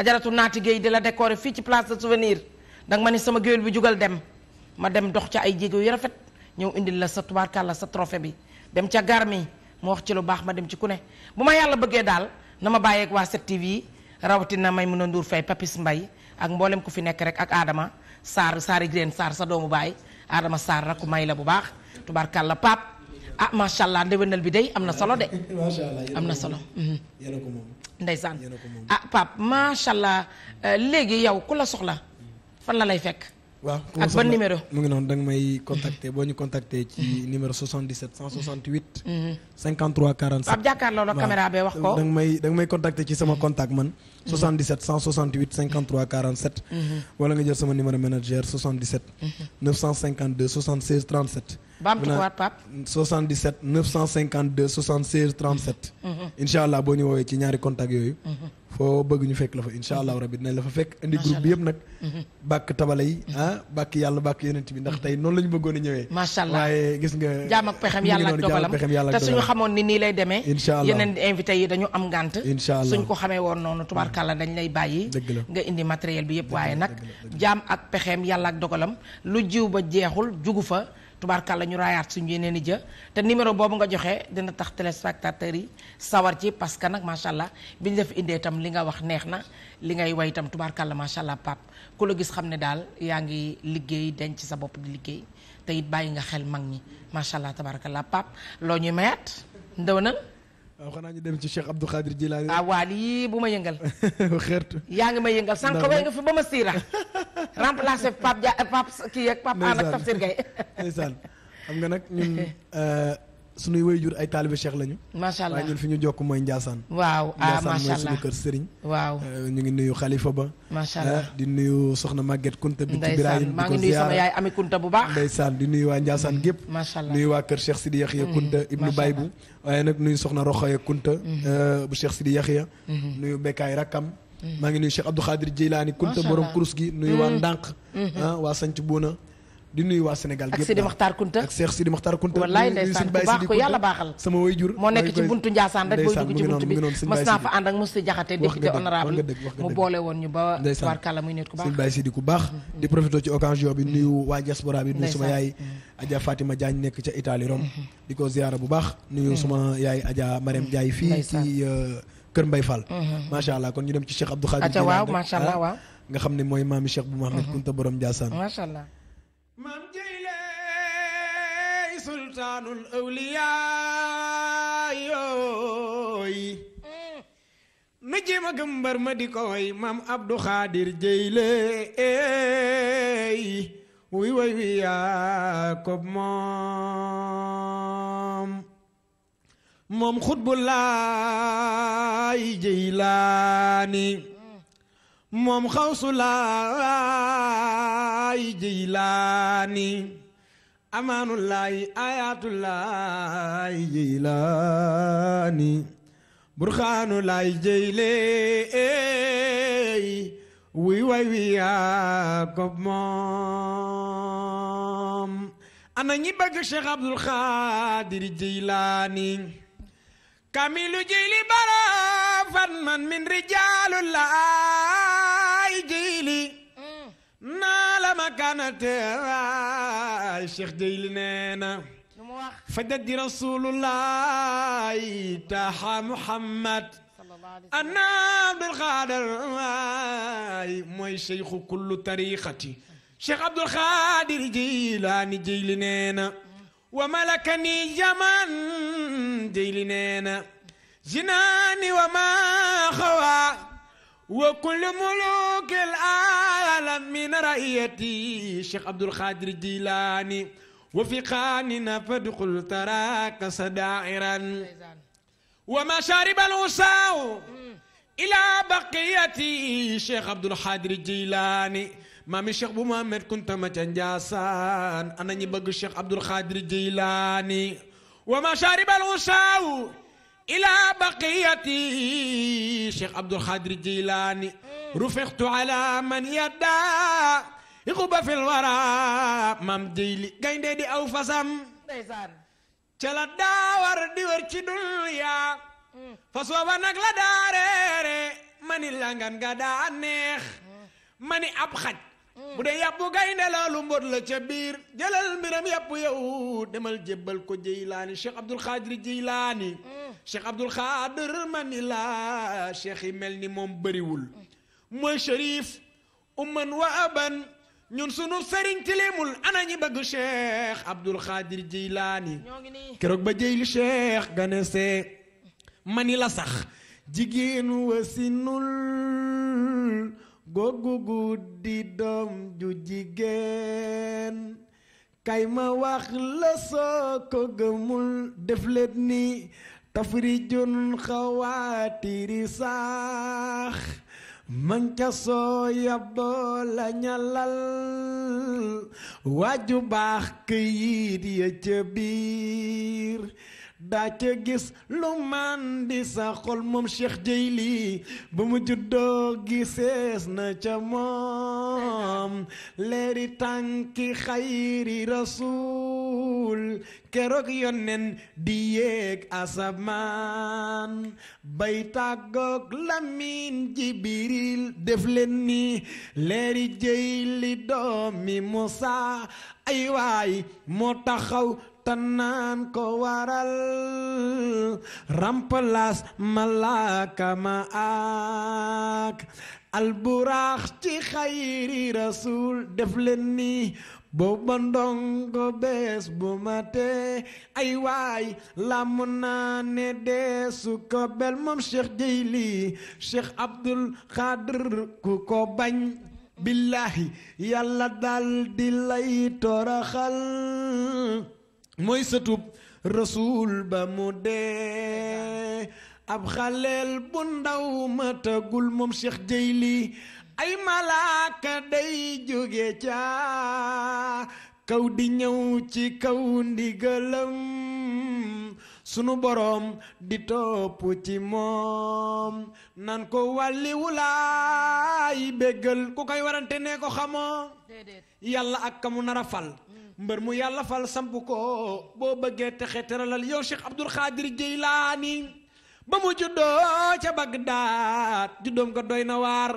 ajaratu naati géey di la décorer fii ci place de souvenir danga ma ne sama géwél bi jugal dem ma dem dox ca ay jéego yu rafet ñëw indil la sa tubaarkàlla sa trophée bi dem ca gar mi ma wax ci lu baax ma dem ci ku ne bu ma yàlla bëggee daal na ma bàyyeeg waa 7TV yi rawatina may mën a nduur fay papis mbay ak mboolem ku fi nekk rek ak aadama saar saari Ibrahima saar sa doomu baay aadama saar rakku may la bu baax tubaarkàlla Pape ah macha allah ndéwénal bi day am na solo de. am na solo. ndeysaan ah Pape macha euh, léegi yow ku la soxla fan la lay fekk. waaw ak ban numéro mu ngi noonu da nga may contacter boo ñu contacter ci mm-hmm. numéro 77 168. 53 47 Pape jàkkaarloo la caméra bee wax ko. da nga may da nga may contacter ci sama mm-hmm. contact man. 77 168 53 47. wala nga jël sama numéro manager 77. baamtuwaat Pape 77 952 76 37. incha allah boo ñu woowee ci ñaari contact yooyu. Mhm. foo bëgg ñu fekk la fa incha allah rabi dinañ la fa fekk. indi groupe bi yëpp nag. Mhm. bàkk tabala yi mhm. ah, bàkk yàlla bàkk yonent bi ndax tey noonu la ñu a ñëwee. macha allah waaye gis nga. jaam ak pexem yàlla ak dogalam te suñu xamoon ni nii lay demee. incha allah invité yi dañu am ngànt. incha ko xamee woon noonu tubaarkàlla dañ lay bàyyi. tubaarkàlla ñu raayaat suñu yeneen i jë te numéro boobu nga joxee dina tax téléspectateurs yi sawar ci parce que nag macha allah bi ñu def indee itam li nga wax neex na li ngay way itam tubaarkal la macha allah pap ku la gis xam ne daal yaa ngi liggéey denc sa bopp di liggéey te it bàyyi nga xel mag ñi macha allah tabaarkàlla pap loo ñuy mayaat ndaw na waaw xanaa ñu dem ci Cheikh Abdou Khadir Jilaani. ah waa lii bu ma yëngal. xeetu yaa ngi ma yëngal sànq way nga fi ba ma siira. remplacé Pape Dia Pape kii ak Pape An ak Tafsir Gaye. ndeysaan xam nga nag ñun. suñuy wayjur ay taalibe cheikh lañu. macha allah waaye ñun fi ñu jokk mooy Ndiassane. waaw ah mooy suñu kër Serigne. waaw euh, ñu ngi nuyu Khalifa ba. macha ah, di nuyu Soxna Maguette Kunta. bi ci Birahim maa ngi bu baax. ndeysaan di nuyu waa Ndiassane mm-hmm. gépp. macha allah nuyu waa kër Cheikh Sidi Yaxya mm-hmm. Kunta Ibnu Baybu. waaye nuyu mm-hmm. euh, bu Cheikh Sidi Yaxya. nuyu Bekkaay Rakam. maa ngi nuyu Cheikh Abdou Khadir Jilani Kunta borom kurus gi nuyu waa Ndànk. Ah, waa Sanc Buuna di nuyu waa Sénégal gépp ak Sidi Mokhtar ak Cheikh Sidi wallaay ndeysaan ku baax ko yàlla baaxal sama way jur moo nekk ci buntu Ndiassane rek booy dugg ci buntu bi mas naa fa ànd mu boole woon ñu ba warkala muy baax Sëñ Baye Sidi mm-hmm. yaay mm-hmm. Adja Fatima Diagne nekk ca Italie Rome mm-hmm. di ko bu baax nuyu suma yaay Adja Marème Diaye fii ci euh, Kër Mbaye Fall macha allah kon ñu dem ci Cheikh Abdou Khadir waaw macha allah ah, waaw nga xam ne mooy maami Cheikh bu Mouhamed Kunta borom Ndiassane macha allah maam Jaylay sultaanul awliyaa yooy nu jéem a gëm ma di ko maam Abdou Khadir Jaylay wuy way wi yaa moom moom xutbu Jaylaani moom xawsulaay jilaani amaanulaay lay jilaani burxaanulaay jëylee wuy way wi Yaakob moom ana ñi bëgg Cheikh jilaani kamilu jili bara fan man min rijaalulaay deyli mm. naa la ma kanate waay cheikh deyli nee na fajat di rasulullahi taha muhammad ana abdul xaadar waay mooy cheikhu kullu tariqati cheikh abdul xaadir jilaani jeyli nee na mm. wa malakani jaman jeyli nee na jinaani wa ma xawa wa kulli mulukil alamin raiyati Cheikh Abdul Qadir Jilani wa fi qaanina fadxul taraka sadairan wa masharib al-usaaw ila baqiyati Cheikh Abdul Qadir Jilani maami Cheikh bu Mohamed kunta ma ca Njaasaan ana ñi bëgg Cheikh Abdul Qadir Jilani wa masharib al-usaaw إلى بقيتي شيخ عبد القادر جيلاني رفقت على من يدى يقوب في الورى مام جيلي غاين دي أو فسام تلا داور ديور تي دنيا فسوى نك لا داري ماني لانغان غدا نيخ ماني أبخج Mm. bu dee yàpp gaynde loolu mbot la ca biir jëlal mbiram yàpp yow demal jébbal ko jëylaani cheikh abdul xaadir jëylaani mm. cheikh abdul xaadir manila cheikh yi mel ni moom bëriwul mm. mooy sharif umman wa aban ñun sunu sëriñ tilimul ana ñi bëgg cheikh abdul xaadir jëylaani keroog ba jëyli cheikh ganese manila sax jigéenu wasinul googu guddi doom ju jigéen kay ma wax la soo ko gëmul def leen ni tafrijun xawaatiri saax man ca soo yaboo la ñalal waaju baax këyit ya ca biir daa ca gis lu man di sa xol moom Cheikh Jeyli ba mu juddoo gisees na ca moom leeri tànki xayri rasul keroog yonen di yéeg asamaan bay tàggoog lamin jibiril def leen ni leeri Jeyli doomi Musa ay waay moo taxaw tanaan ko waral rampalaas malaaka ma ak alburaax ci xayri rasuul def leen ni booba ndongo bees bu matee ay waay laamu naa ne deesu ko bel moom cheikh jeyli cheikh abdul xaadir ku ko bañ billaahi yàlla dal lay toraxal mooy sëtub rasuul ba mu dee ab xaleel bu ndaw ma tagul moom Cheikh Jeyli ay malaaka day jóge ca kaw di ñëw ci kaw ndigalam sunu borom di topp ci moom nan ko wàlli wulaay béggal ku koy warante nee ko xamoo yàlla ak kamu nar a fal mbër mu yàlla fal samp ko boo bëggee texe teralal yow Cheikh Abdul Xaadir Jeylaani ba mu juddoo ca Bagdaad juddoom nga doy na waar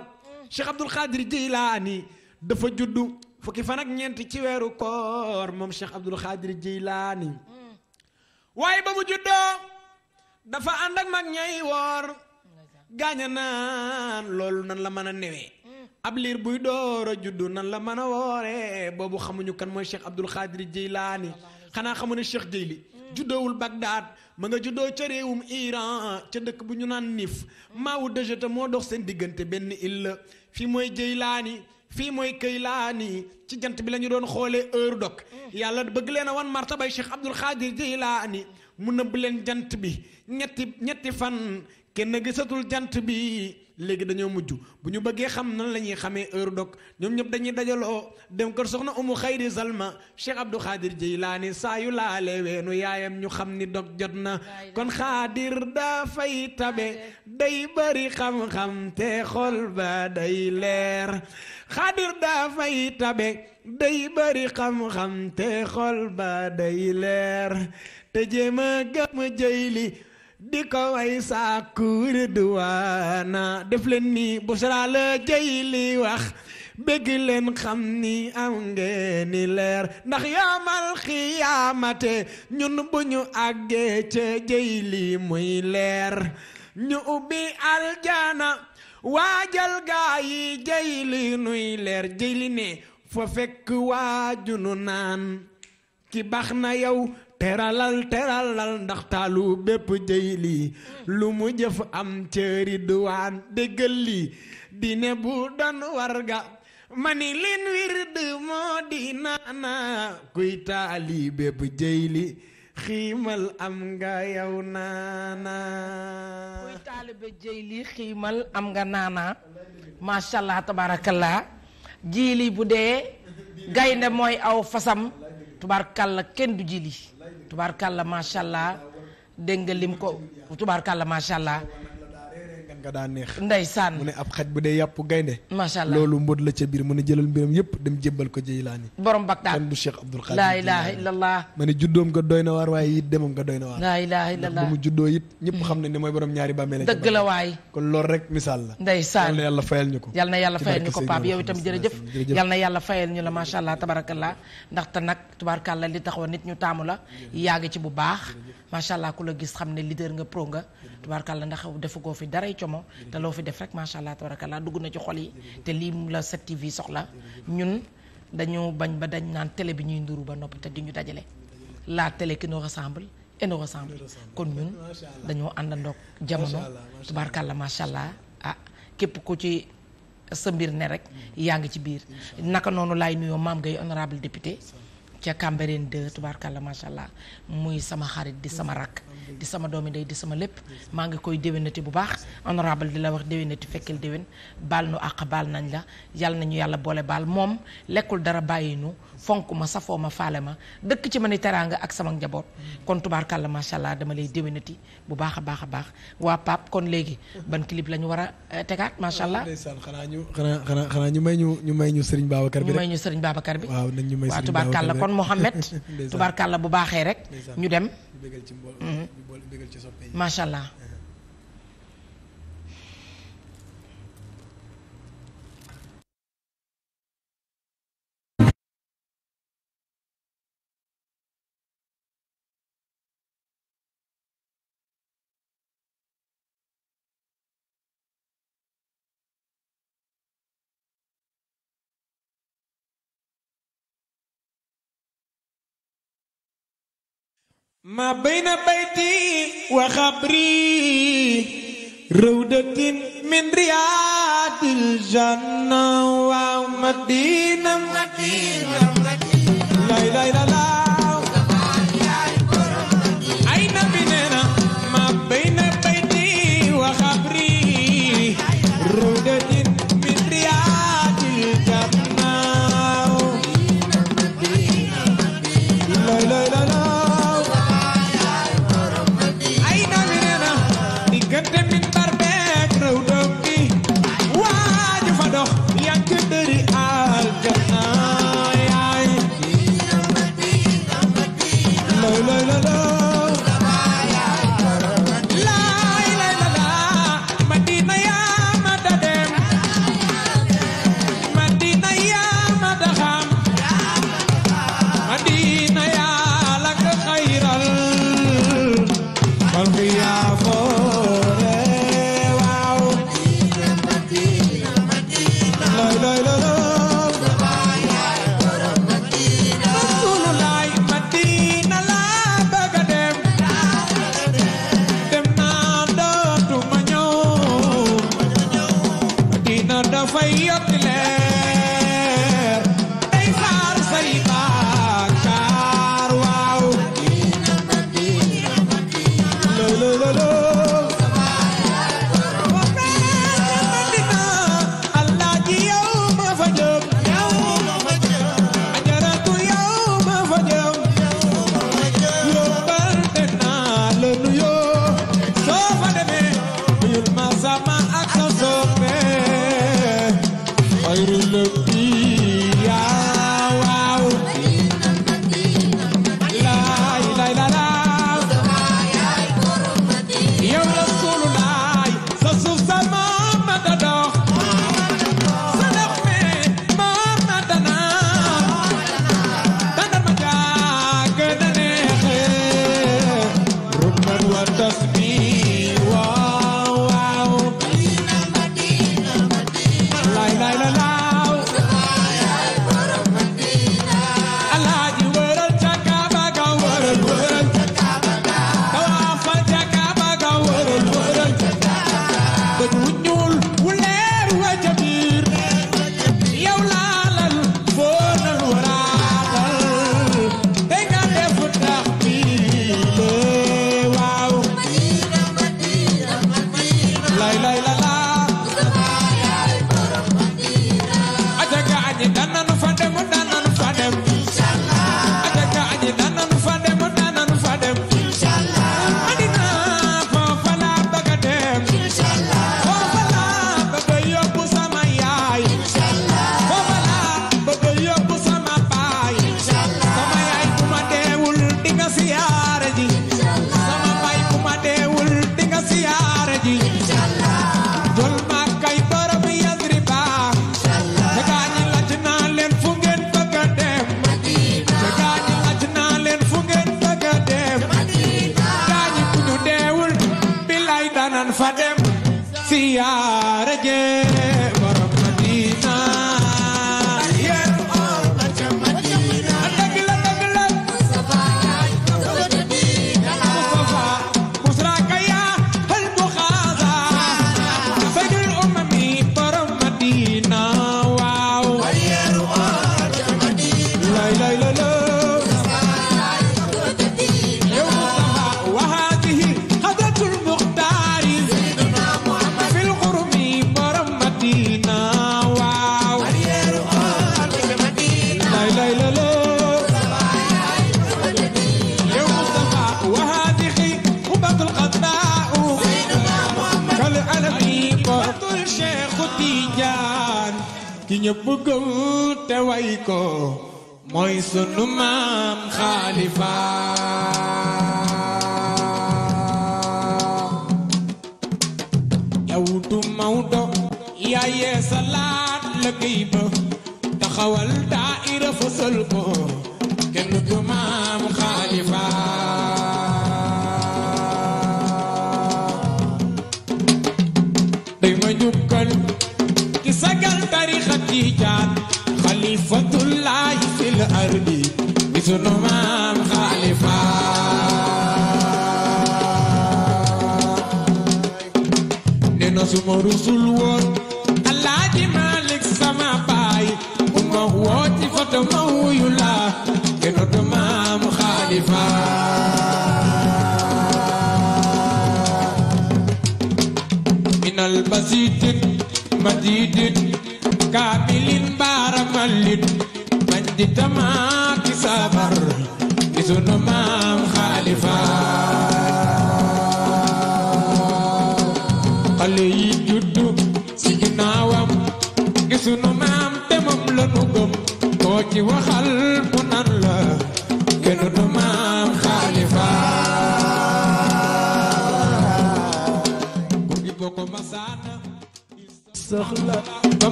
Cheikh Abdul Xaadir Jeylaani dafa juddu fukki fan ak ñeent ci weeru koor moom Cheikh Abdul Xaadir Jeylaani waaye ba mu juddoo dafa ànd ak mag ñay woor gaaña naan loolu nan la mën a newee ab liir buy door a juddu nan la mën a wooree boobu xamuñu kan mooy cheikh Abdul Xaadir ni xanaa xamu ne cheikh Jeyli juddoowul Bagdad ma nga juddoo ca réewum Iran ca dëkk bu ñu naan Nif maawu dëjëta moo dox seen diggante benn île la fii mooy ni fii mooy ni ci jant bi lañu doon xoolee heure dog yàlla bëgg leen a wan martabay cheikh Abdul Xaadir Jeylaani mu nëbb leen jant bi ñetti ñetti fan kenn gisatul jant bi. léegi dañoo mujj bu ñu bëggee xam na lañuy xamee heure dog ñoom ñëpp dañuy dajaloo dem kër soxna umu xayri salma cheikh abdou xaadir jeylaani saa yu laalee weenu yaayam ñu xam ni dog jot na kon xaadir daa fay tabe day bari xam-xam te xol ba day leer xaadir daa day bari xam te xol ba day leer te di ko way sàkku ridwaana def leen ni busra la jëy li wax bëgg leen xam ni am ngeen ni leer ndax yoomal xiyaamate ñun bu ñu àggee ca jëy li muy leer ñu ubbi aljana waajal gaa yi li nuy leer jëy li ne fa fekk waaju nu naan ki baax na yow teralal teralal ndax taalu bépp jëy lii lu mu jëf am cëri duwaan déggal lii dine bu doon warga mani leen wird moo di naana kuy taali bépp jëy li xiimal am nga yow naana kuy taalibe jëy lii xiimal am nga naana macha allah tabarakallah jiili bu dee gaynde mooy aw fasam tubarkalla kenn du jiili tubaarkàlla macha allah dégg nga lim ko tubaarkàlla macha allah nga daa neex ndeysaan mu ne ab xaj bu dee yàpp gaynde macha allah loolu mbóot la ca biir mu ne jëlal mbiram yëpp dem jébbal ko Jeylaani borom Bagdaad kon bu Cheikh Abdul ma ne juddoom nga doy na waar waaye it demam nga doy na waar laa ilaha illallah bu mu juddoo it ñëpp mm. xam ne ne mooy borom ñaari bàmmeel dëgg la waay kon loolu rek misaal la ndeysaan yal na yàlla fayal ñu ko yal na yàlla fayal ñu ko Pape yow itam jërëjëf yal na yàlla fayal ñu la macha allah tabarakallah ndaxte nag tubaarkàlla macha allah ku la gis xam ne leader nga pro nga tubaarkàlla ndax defagoo fi daray como te loo fi def rek macha allah tubaarkàlla dugg na ci xol yi te lii la 7TV soxla ñun dañu bañ ba dañ naan télé bi ñuy nduru ba noppi te di ñu dajale laa télé qui nous ressemble et kon ñun dañoo àndandoog jamono tubaarkàlla macha allah ah, képp ku ci sa mbir ne rek yaa ngi ci biir naka noonu laay nuyoo maam ngay honorable député ca Cambérène 2 tubaarkalla macha allah muy sama xarit di sama rakk di sama doomi day di sama lépp maa ngi koy déwénati bu baax honorable di la wax déwénati fekkeel déwén baal nu àq baal nañ la yàlla nañu yàlla boole baal moom lekkul dara bàyyi nu fonk ma safoo ma faale ma dëkk ci ma ni teraanga ak sama njaboot kon tubaarkàlla macha allah dama lay déwénati bu baax a baax a baax waa Pape kon léegi ban clip la ñu war a eh, tegaat macha allah xanaa ñu xanaa xanaa ñu may ñu ñu may ñu Serigne Babacar bi ñu may ñu Serigne Babacar bi waaw nañ ñu may Serigne Babacar bi waaw tubaarkàlla kon Mohamed tubaarkàlla bu baaxee rek ñu macha allah eh. ما بين بيتي وخبري روضة من رياض الجنة ومدينة مدينة مدينة لا لا لا لا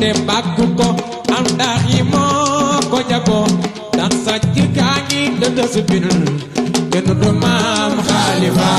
te bàkku ko andax yi moo ko jagoo daan sàcc gaa ngi dëdës bil kenn du maam xaalifa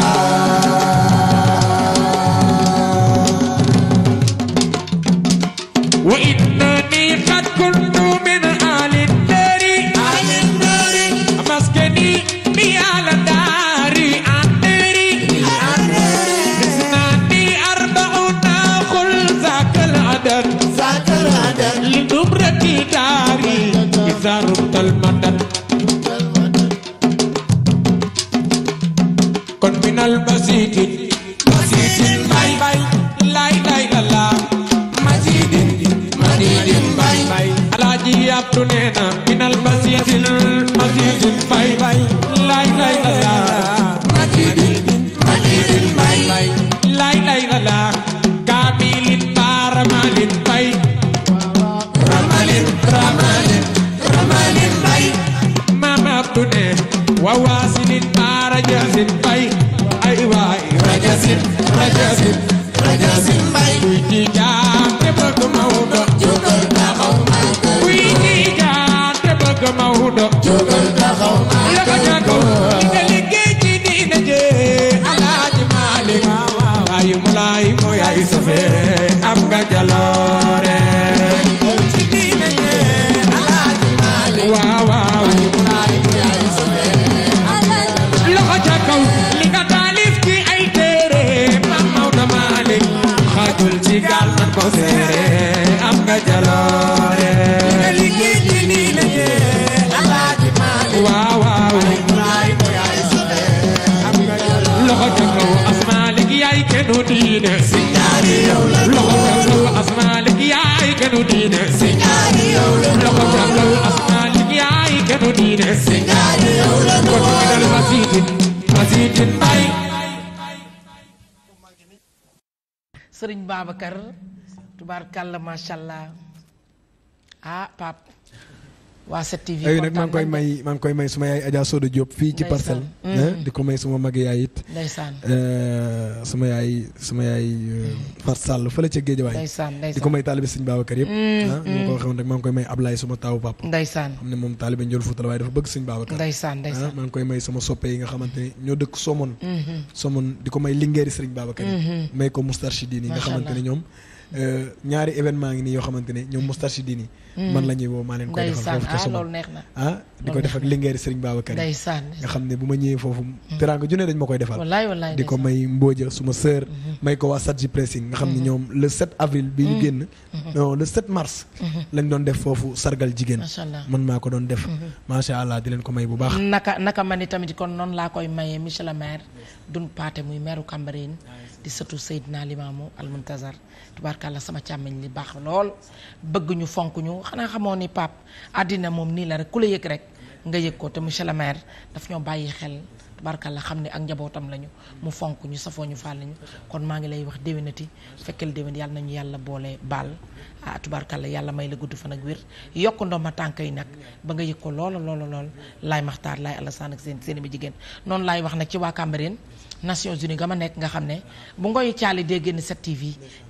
Babacar tubaarkàlla macha allah ah Pape. waa 7TV kontaan nag maa koy may maa ngi koy may suma yaay Adja Soda Diop fii ci parcelle. Mm. di ko may suma mag yaay it. ndeysaan eh, sama yaay sama yaay eh, Fatou Sall fële ca Géejawaay. ndeysaan ndeysaan di ko may taalibe sëñ Babacar yëpp. Mm, ah, ko mm. waxee woon rek maa ngi koy may Ablaye suma taawu papa. xam ne moom taalibe Ndiol Fouta la waaye dafa bëgg sëñ Babacar. ndeysaan ah, ndeysaan maa ngi koy may sama soppe yi nga xamante ne ñoo dëkk Somone. Mm-hmm. Somone di ko may Linguère sëriñ Babacar yi. Mm-hmm. may ko Moustarchidine yi nga xamante ñoom Euh, ñaari événement ngi nii yoo xamante ne ñoom Moustarchidine yi mm. man la ñuy woo maa leen koy defal foofu ca ah, suma ah di ko def ak Linguère Serigne Babacar yi nga xam ne bu ma ñëwee foofu mm. teranga junne dañ ma koy defal di ko may Mbooja suma sœur mm-hmm. may ko waa Sadji Pressing nga xam ne mm-hmm. ñoom le 7 avril bi ñu mm-hmm. génn non le mars lañ doon def foofu sargal jigéen man maa ko doon def macha allah di leen ko may bu baax naka naka man itamit kon noonu laa koy mayee monsieur maire dun paate muy maireu Cambérène di sëtu Seydina Limaamu Almuntazar la sama càmmiñ li baax lool bëgg ñu fonk ñu xanaa xamoo ni pap àddina moom nii la rek ku la yëg rek nga yëg ko te monsieur le maire daf ñoo bàyyi xel la xam ne ak njabootam lañu mu fonk ñu safoo ñu fàll ñu kon maa ngi lay wax déwénati fekkeel déwén yàlla nañu yàlla boole baal ah la yàlla may la gudd fan ak wér yokk ndooma tànk yi nag ba nga yëg ko loola loola lool laay maxtaar laay alasaan ak seen seen mi jigéen noonu laay wax nag ci waa Cambérène Nations Unies nga ma nekk nga xam ne bu ngoy caali dee génne 7TV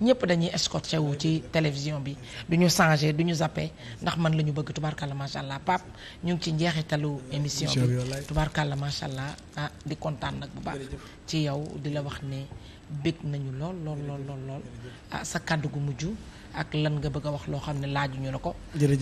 ñëpp dañuy escorté wu ci télévision bi du ñu changé du ñu zappé ndax man la ñu bëgg tubaarkàlla macha allah Pape ñu ngi ci njeexitalu émission bi tubaarkàlla macha allah ah di kontaan nag bu baax ci yow di la wax ne bëgg nañu lool lool lool ah sa kàddu gu mujj. ak lan nga bëgg a wax loo xam ne laajuñu la ko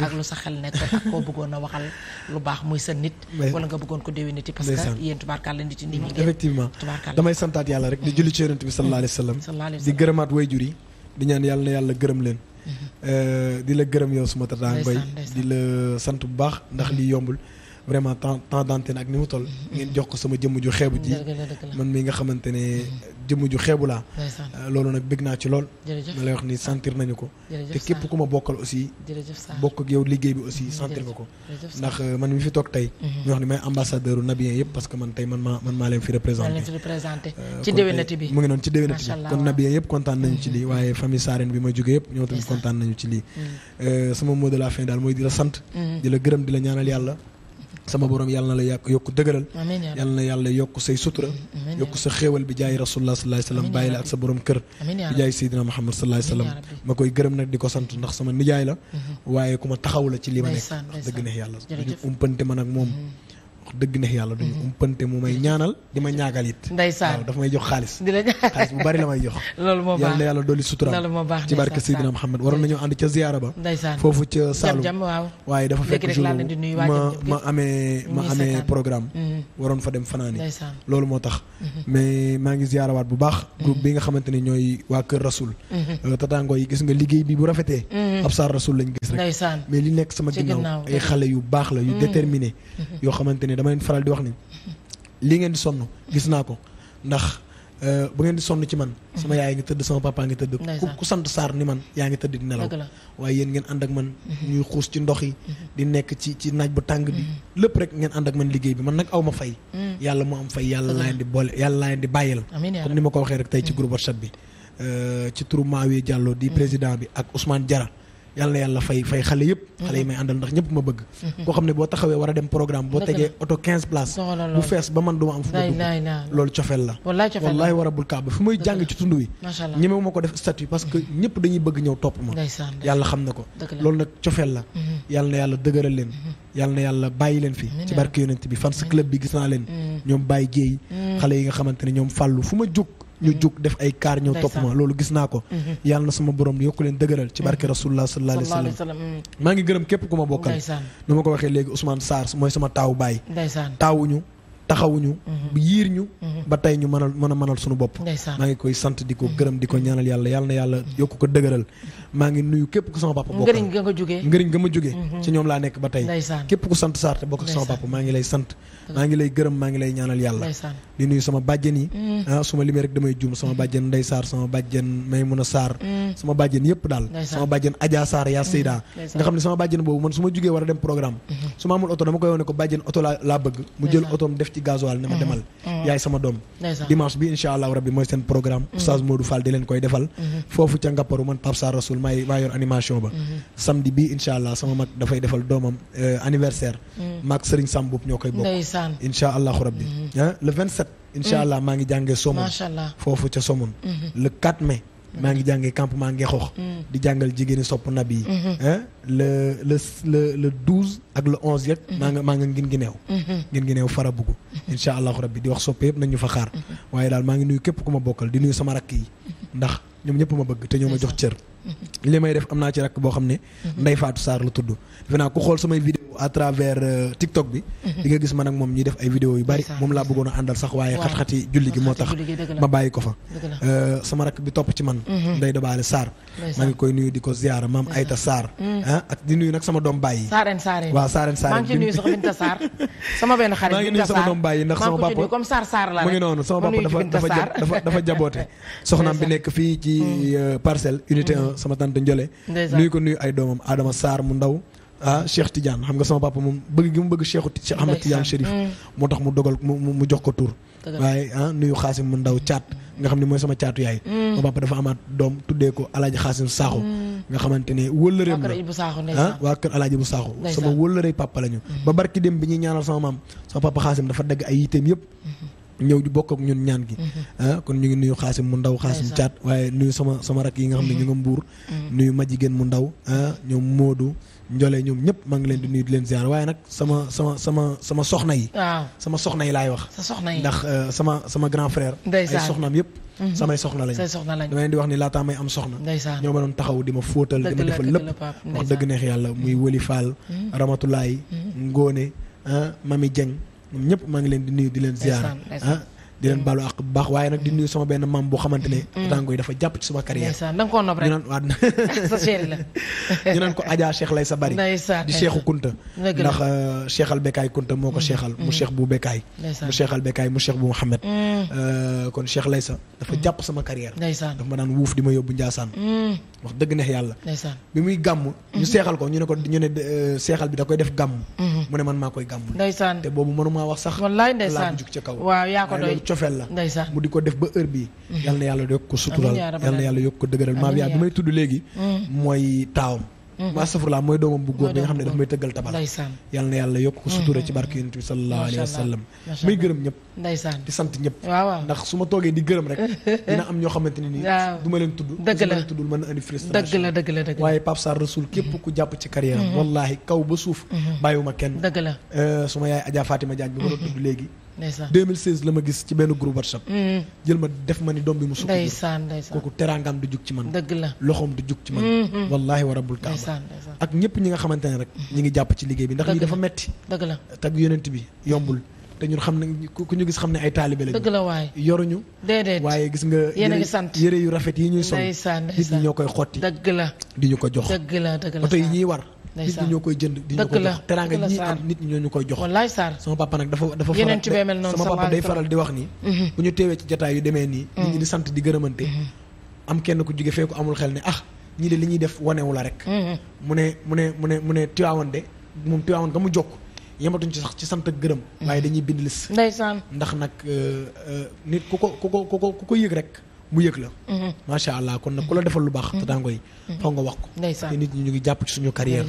ak lu sa xel nekk ak koo bëggoon a waxal lu baax muy sa nit wala nga bëggoon ko déwénati parce que yéen tubaarkàlla nit yi ngeen effectivement tubaarkàlla damay santaat yàlla rek di julli ci yonent bi sallallahu wa sallam di gërëmaat waajur yi di ñaan yàlla na yàlla gërëm leen mhm. euh, di la gërëm yow suma tataa mbay di la sant bu baax ndax lii yombul vraiment temps temps d'antenne ak ni mu toll. ngeen jox ko sama jëmm ju xeebu ji. man mi nga xamante ne jëmm ju xeebu laa. Euh, loolu nag bëgg naa ci lool. ma ko. te képp ku ma bokkal aussi. bi aussi sentir nga mu ngi noonu ci déwénati bi kon Nabien yëpp kontaan nañu ci lii mhm. ma jógee yëpp ñoo tamit mhm. euh, sama mot de la fin daal mooy di sant. Mhm. di gërëm di ñaanal yàlla sama borom yàlla na la yàq yokk dëgëral yàlla na yàlla yokk say sutura yokk sa xéewal bi jaay rasulullah sallallahu alayhi wasallam bàyyi la ak sa borom kër bi jaay seydina muhammad sallallahu alayhi wasallam ma koy gërëm nag di ko sant ndax sama nijaay la mhm. waaye ku ma taxaw ci li ma nekk ndax dëgg ne yàlla duñu umpante man ak moom mhm. wax dëgg neex yàlla duñu mhm. umpante mu may ñaanal di ma ñaagal it ndeysaan waaw dafa may jox xaalis la xaalis bu bari la may jox loolu moo baax yàlla yàlla dolli sutura ci barke Seydina Muhammad waroon nañoo ànd ca ziyaara ba ndeysaan foofu ca Saloum waaye dafa fekk jour ma ma amee ma amee programme mhm. waroon fa dem fanaani loolu moo tax mhm. mais maa ngi ziyaarawaat bu baax groupe bi nga xamante ne ñooy waa Kër Rasoul euh, tataango yi gis nga liggéey bi bu rafetee ab Saar Rasoul lañ gis rek mais li nekk sama la yu déterminé yoo dama leen faral di wax ni lii ngeen di sonn gis naa ko ndax euh, bu ngeen di sonn ci man mhm. sama yaay ngi tëdd sama papa ngi tëdd ku sant saar ni man yaa ngi tëdd di nelaw waaye yéen ngeen ànd ak man mhm. ñuy xuus ci ndox yi mhm. di nekk ci ci naaj bu tàng bi lépp rek ngeen ànd ak man liggéey bi man nag aw ma fay yàlla moo am fay yàlla laa leen di boole yàlla laa leen di bàyyil comme ni ma ko waxee rek tey ci groupe WhatsApp bi euh, ci turu Maawi Diallo di président bi ak Ousmane Diarra yàlla na yàlla fay fay xale yëpp mm-hmm. xale yi may àndal ndax ñëpp ma bëgg mm-hmm. koo xam ne boo taxawee war a dem programme boo tegee oto quinze places bu fees ba man du ma am fu ma dugg loolu cofeel la a mm-hmm. yàlla xam na ko loolu nag cofeel la yàlla yàlla dëgëral leen yàlla yàlla bàyyi leen fi ci barke yonent bi fans club bi gis naa leen ñoom bàyyi jéey xale yi nga xamante ñoom fàllu fu ma jóg ñu jug def ay kaar ñëw topp ma loolu gis naa ko mm-hmm. yàlla na sama borom yokku leen dëgëral ci barke mm-hmm. rasulullah sallallahu alayhi wa sallam mm. maa ngi gërëm képp ku ma bokkal nu ma ko waxee léegi Ousmane Sarr mooy sama taawu baay taawuñu taxawuñu mm-hmm. yiir ñu ba tey ñu mënal mën a mënal suñu bopp maa ngi koy sant di ko gërëm di ko ñaanal yàlla yàlla na yàlla yokku ko dëgëral maa ngi nuyu képp ku sama papa bokk ngëriñ nga ma jógee ngëriñ nga ma jógee ci ñoom laa nekk ba tey képp ku sant Sarr te bokk ak sama papa maa ngi lay sant maa ngi lay gërëm maa ngi lay ñaanal yàlla di nuyu sama bàjjen yi mhm. ah su ma limee rek damay juum sama mhm. bàjjen Ndey Sarr sama bàjjen Maymuna Sarr mhm. sama bàjjen yëpp daal sama bàjjen Adja Sarr yaa Seyda nga xam ne sama bàjjen boobu man su ma jógee war a dem programme su ma amul oto dama koy wone ko bàjjen oto laa bëgg mu jël otoom def ci gasoil ne ma demal yaay sama doom dimanche maay maa yoon animation ba. Mhm. samedi bii incha allah sama mag dafay defal doomam euh, anniversaire. Mhm. maag Serigne Sam Mboup ñoo koy bokk. ndeysaan incha allahu rabbi. Mhm. Ah, le 27. incha allah maa ngi jàngee Somone. macha allah foofu ca Somone. le 4 mai. maa ngi jàngee campement Ngexox. di jàngal jigéeni sopp nab yi. Ah, le le le le douze ak le onze yëpp. maa nga maa nga ngin gi neew. ngin gi neew fara bugg. incha allahu rabbi di wax soppe yëpp nañ fa xaar. waaye daal maa ngi nuyu képp ku ma bokkal di nuyu sama rakk yi. ndax ñëpp ma bëgg te ñoo ma jox cër. li may def am naa ci rakk boo xam ne. Ndeye Fatou Sarr la tudd. defe naa ku xool samay vidéo à travers euh, TikTok bi. Mhm. di nga gis man ak moom ñuy def ay vidéo yu bari. moom laa bëggoon a àndal sax waaye xat-xati julli gi moo tax. ma bàyyi ko fa. Euh, sama rakk bi topp ci man. Mhm. Ndeye Dabaale Sarr. maa ngi koy nuyu di ko ziar maam Ayta Sarr. Mhm. Ah, ak di nuyu nag sama doom bàyyi. Saareen Saareen waaw Saareen Saareen. maa ngi nuyu sama doom bàyyi ndax sama papa mu ngi noonu sama papa dafa dafa jaboote soxnaam bi nekk sama tante Ndiolé. nuyu ko nuyu ay doomam Adama Sarr mu ndaw. ah Cheikh Tidiane xam nga sama papa moom bëgg gi mu bëgg Cheikhu Cheikh Ahmed Tidiane Chérif. Mm. moo tax mu dogal mu jox ko tur. waaye ah nuyu xaasim mu ndaw caat nga xam ne mooy sama caatu yaay. Mm. sama papa dafa amaat doom tuddee ko Alaaji Xaasim Saaxo mm. nga xamante ne wëllëreem la waa kër ah, Alaaji bu Saaxo sama wëllërey papa la ñu. Mm-hmm. ba barki dem bi ñuy ñaanal sama maam sama papa xaasim dafa dagg ay yiteem yëpp. Mm-hmm. ñëw di bokk ak ñun ñaan gi mhm. ah kon ñu ngi nuyu xaasim mu ndaw xaasim caat waaye nuyu sama sama rak yi nga xam ne ñu nga mhm. mbuur mhm. nuyu ma jigéen mu ndaw ah ñoom Modou Njole ñoom ñëpp maa ngi leen di nuyu di leen ziar waaye nag sama sama sama sama soxna yi sama soxna yi laay wax ndax ah, sama sama grand frère ay soxnaam yëpp samay soxna lañ dama leen di wax ni laataa may am soxna ñoo ma doon taxaw di ma fóotal di ma defal lépp wax dëgg neex yàlla muy wëli Fall Ramatulaay Ngóone ah, Mami Jeng ñoom ñëpp maa ngi leen di nuyu di leen ziar ah di leen baalu àq bu baax waaye nag di nuyu sama benn maam boo xamante ne tango yi dafa jàpp sama carrière ñu naan waa ñu naan ko Adja lay sa bari di Cheikhu Kunta ndax euh, Cheikh al Bekaay Kunta ko Cheikhal mu bu Bekaay mu Cheikh al Bekaay mu Cheikh bu Mouhamed mm. euh, kon Cheikh lay sa dafa mm. jàpp sama carrière dafa ma daan wuuf di ma yóbbu Njaasaan mm. wax dëgg neex yàlla. bi muy gàmm. ñu mhm. seexal ko ñu ne ko ñu ne euh, seexal bi da koy def gàmm. Mhm. mu ne man maa koy gàmm. ndeysaan te boobu mënumaa wax sax. wallaay ndeysaan laa ko jug ca kaw. waaw yaa ko doy cofeel la. ndeysaan mu di ko def ba heure bii. Mhm. yal na yàlla yokk ko sutural yal na yàlla yokk ko dëgëral. amiin yaa bi may tudd léegi. mooy taawam. maa mm-hmm. safurlaa mooy doomam bu góor bi xam ne daf may tëggal tabal yàlla na yàlla yokk ko sutura ci mm-hmm. barke yonent bi wa sallam may gërëm sant ñëpp ndax su ma toogee di gërëm rek dina am ñoo xamante ne nii du ma leen tudd dëgg la tuddul mën dëgg la dëgg la dëgg la waaye Pape Sarr képp mm-hmm. ku jàpp ci carrière am kaw ba suuf bàyyiwuma kenn dëgg la euh, suma yaay Adja Fatima Diagne bi ma doon tudd léegi 2016 la ma gis ci benn groupe WhatsApp. Mm. jël ma def ma ni doom bi mu sukk. ndeysaan ndeysaan kooku teraangaam du jug ci man. dëgg la loxoom di jug ci man. Mm-hmm. wallaahi wa rabbul kaaba ak ñëpp ñi nga xamante ne rek. ñi ngi jàpp ci liggéey bi ndax lii dafa metti dëgg la tag yonent bi yombul. te ñun xam nañ ku ñu gis xam ne ay taalibe lañu. dëgg la waay yoruñu. déedéet waaye gis nga. yéen a ngi sant yére yu rafet yi ñuy sol. nit ñi ñoo koy xotti. dëgg la di ñu ko jox. dëgg la oto yi ñuy war. nit ñi ñoo koy jënd di ñu ko jox te ñi am nit ñi koy jox wallaay Sarr sama papa nag dafa dafa faral di wax nii mhm. bu ñu teewee ci jataay yu demee nii nit ñi di sant di gërëmante mhm. am kenn ku jóge fee ko amul xel ne ah ñii de li ñuy def wanewu la rek mhm. mu mu ne mu ne mu ne Tiwaawan de moom Tiwaawan nga mu jokk yematuñ ci sax ci sant ak gërëm. waaye dañuy bind liste. ndeysaan ndax nag euh, euh, nit ku ko ku ko ku ko ku ko yëg rek mu yëg la. Mhm. macha allah kon nag ku la defal lu baax. Mhm. te daango yi mhm. nga wax ko. te nit ñi ñu ngi jàpp ci suñu carrière.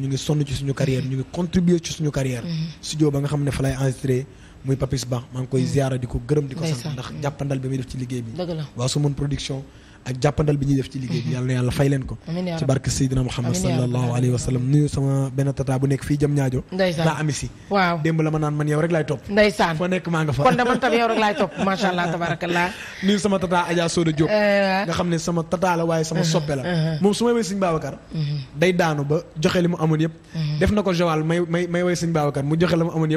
ñu ngi sonn ci suñu carrière ñu ngi contribuer ci suñu carrière. studio ba nga xam ne fa lay enregistré. muy Papis Ba maa ngi koy ziara di ko gërëm di ko sant ndax jàppandal bi muy def ci liggéey bi. dëgg la waa su mën production. ak jàppandal bi ñuy def ci liggéey bi mhm. yàlla na yàlla fay leen ko ci barke Seydina Muhammad sallallahu alayhi wa sallam sama benn tata bu nekk fii jam ñaajo laa ami si démb la ma naan man yow rek laay topp ndeysaan foo nekk maa nga fa kon dama tam yow rek laay topp macha allah tabarakallah nuyu sama tata Adja Soda Diop eh, eh, eh. nga xam ne sama tata la waaye sama soppe la moom su may way sëñ Babacar day daanu ba joxe li mu amoon yëpp def na ko joxe la mu amoon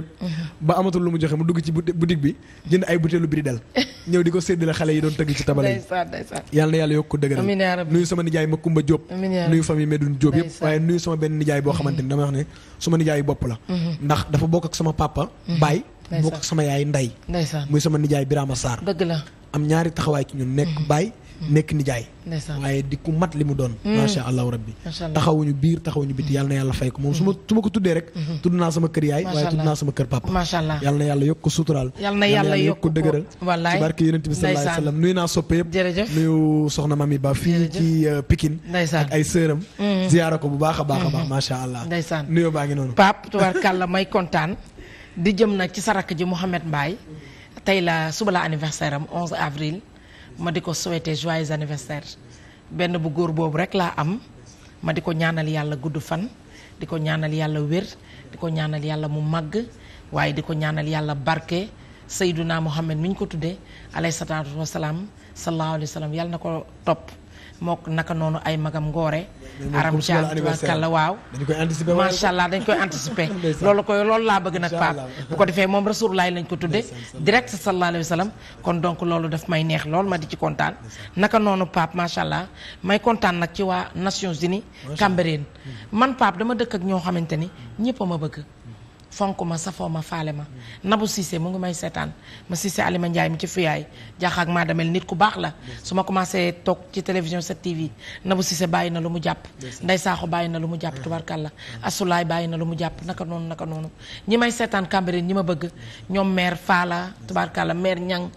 yëpp na yàlla yokk ko dëgëral nuyu sama nijaay ma Kumba Diop nuyu famille Medoune Diop yëpp waaye nuyu sama benn nijaay boo xamante ni dama wax ne suma nijaay bopp la mhm. ndax dafa bokk ak sama papa mhm. baay bokk ak sama yaay nday muy sama nijaay Birama Sarr am ñaari taxawaay ci ñun nekk mhm. baay nekk nijaay waaye di ku mat li mu doon mm. macha allahu rabbi taxawuñu biir taxawuñu biti yàlla na yàlla fay ko moom su ma mm-hmm. su ma ko tuddee rek mm-hmm. tudd naa sama kër yaay waaye tudd naa sama kër papa macha na yàlla yokk ko suturaal yàlla na yàlla yokk ko dëgëral ci barke yonent bi ba fii ci euh, Pikine ak ay sëram mm-hmm. a baax a baax macha allah nuyoo baa ngi noonu pap sa rakk ji Mouhamed Mbaye tey la suba la anniversaire am 11 avril ma di ko souhaiter joyeux anniversaire benn bu góor boobu rek laa am ma di ko ñaanal yàlla gudd fan di ko ñaanal yàlla wér di ko ñaanal yàlla mu màgg waaye di ko ñaanal yàlla barke Seyduna Muhammad mi ñu ko tuddee alayhi salaatu wasalaam sallallahu alayhi wa yàlla na ko topp moo naka noonu ay magam ngoore aram jaan tubaarkàlla waaw macha allah dañ koy anticiper loolu koy loolu laa bëgg nag Pape bu ko defee moom Rasulullah lañ ko tudde direct sallallahu alayhi wa kon donc loolu daf may neex lool ma di ci kontaan naka noonu Pape macha allah may kontaan nag ci waa Nations Unies Cambérène hmm. man Pape dama dëkk ak ñoo xamante ni ñëpp a ma bëgg fonk ma safoo ma faale ma Nabou Cissé mu ngi may seetaan ma Cissé Alima Ndiaye mi ci fuyaay jaaxaak maa demel nit ku baax la su ma commencé toog ci télévision 7TV Nabou Cissé bàyyi na lu mu jàpp Ndey Saaxo bàyyi na lu mu jàpp ah. la Asulaay bàyyi na lu mu jàpp naka noonu naka noonu ñi may seetaan Cambérène ñi ma bëgg ñoom mère Fala tubarkalla mère Ñang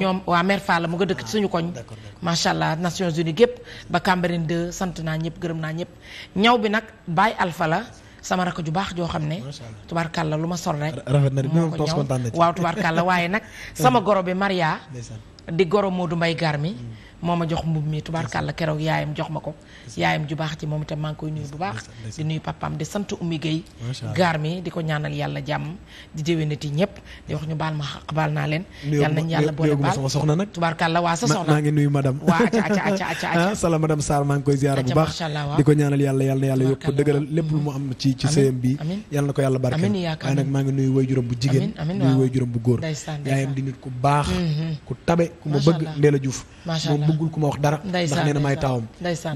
ñoom waa mère Fala mu nga dëkk ci suñu koñ macha allah Nations Unies gépp ba Cambérène 2 sant naa ñëpp gërëm naa ñëpp ñaw bi nag Baye Alpha sama rakk ju baax joo xam ne la lu ma sol rek moo ko ñëw waaw la waaye nag sama goro bi Maria di goro moo Modou Mbaye Garmi mm. moo ma jox mbub mi tubaarkàlla keroog yaayam jox ma ko yaayam ju baax ci moom itam maa ngi koy nuyu bu jàmm di déwénati ñëpp di wax ñu baal ma baal naa leen yàlla nañ yàlla boole baal sama soxna nag tubaarkàlla waa sa soxna maa ngi nuyu madame waa aca aca ah, maa ngi koy ziyaara bu baax di ko ñaanal yàlla yàlla na yàlla yokk dëgëral lépp lu mu am ci ci sëyam bi yàlla na ko yàlla barkeel waaye nag maa bu jigéen nuyu way juróom bu góor yaayam di nit ku baax mm-hmm. ku tabe ku bëgg Ndéla Diouf bëggul ku ma wax dara ndax nee na maay taawam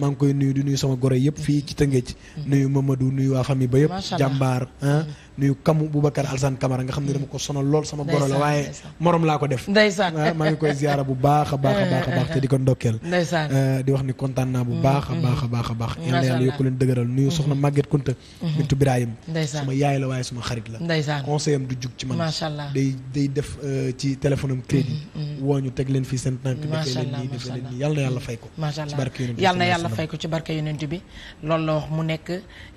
maa ngi koy nuyu di nuyu sama goro yëpp fii ci Tëngéej mm-hmm. nuyu Mamadou nuyu waa famille ba yëpp jàmbaar ah mm-hmm. nuyu kamu Boubacar Alsane Camara nga xam ne dama ko sonal lool sama goro la waaye morom laa ko def ndeysaan ah, maa ngi koy ziyaara bu baax a baax a baax a baax te di ko ndokkeel ndeysaan ah, di wax ni kontaan naa bu mm-hmm, mm-hmm. baax a baax a baax a baax yal na yàlla a leen dëgëral nuyu mm-hmm. soxna Maguette Kunta bintu Birahim suma yaay la waaye suma a la a conseil am du jug ci man macha allah day day def euh, ci téléphone am crédit woo ñu teg leen fii seen tànk defee leen leen nii yal ko macha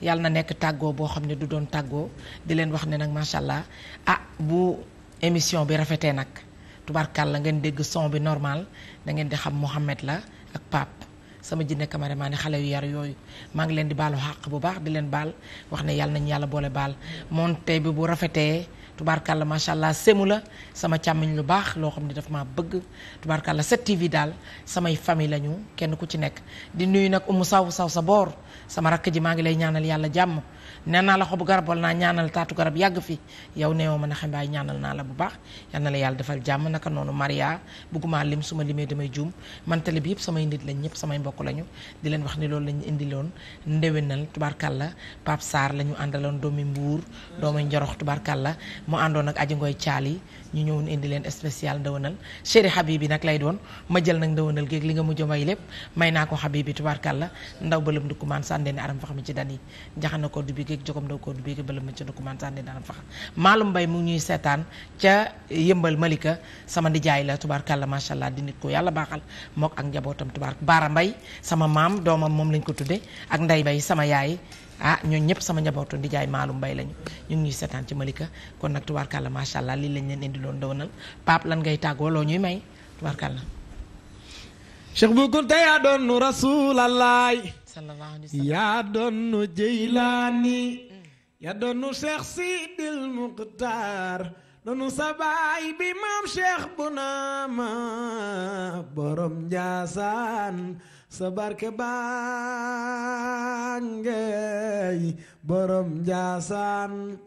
yal na di leen wax ne nag macha allah a ah bu émission bi rafetee nag la ngeen dégg son bi normal da ngeen di xam Mouhamed la ak Pape sama jinne cameraman xale yu yar yooyu maa ngi leen di baalu xàq bu baax di leen baal wax ne yàlla nañu yàlla boole baal monté bi bu rafetee. la macha allah semu la sama càmmiñ lu baax loo xam ni daf maa bëgg tubaarkàlla 7TV daal samay famille lañu kenn ku ci nekk. di nuyu nag umu saw saw sa boor sama rakk ji maa ngi lay ñaanal yàlla jàmm nee naa la xobu garab wala naa ñaanal taatu garab yàgg fi yow neewoo ma na xam ñaanal naa la bu baax yal yàlla defal jàmm naka noonu Maria bëgguma lim su ma limee damay juum man bi yëpp samay nit lañ ñëpp samay mbokk lañu di leen wax ni loolu lañ indiloon ndéwénal tubaarkàlla Pape Sarr la ñu àndaloon doomi Mbuur doomi Njorox tubaarkàlla mu àndoon ak aji ngoy caal yi ñu ñëw indi leen spécial ndawanal chéri Habibi nag lay doon ma jël nag ndawanal géeg li nga mujj may lépp may naa ko yi Habibi tubaarkàlla ndaw bëlëm ndukkumaan sàndeeni aram fax mi ci dan yi njaxana ko du bi géeg jogom ndaw ko du bi géeg bëlëm ma ci ndukkumaan sàndeeni aram fax maalum mbay mu ñuy seetaan ca yëmbal malika sama ndijaay la tubaarkàlla macha allah di nit ko yàlla baaxal mook ak njabootam tubaar baara mbay sama maam doomam moom lañ ko tudde ak sama yaay ah ñooñ ñëpp sama njabootu di jaay maalum mbay lañu ñu ngi ñuy seetaan ci Malika kon nag tubaarkàlla macha allah lii lañ leen indiloon ndawanal Pape lan ngay tàggoo loo ñuy may tubaarkàlla. Cheikh Bou Kounta yaa doon nu rasulallah. sallallahu yaa doon nu mm. yaa doon nu Cheikh Sidil Mukhtar. doonu sabaay bi maam Cheikh bu naama borom Njaasaan. sa barke baa ngay borom njaasaan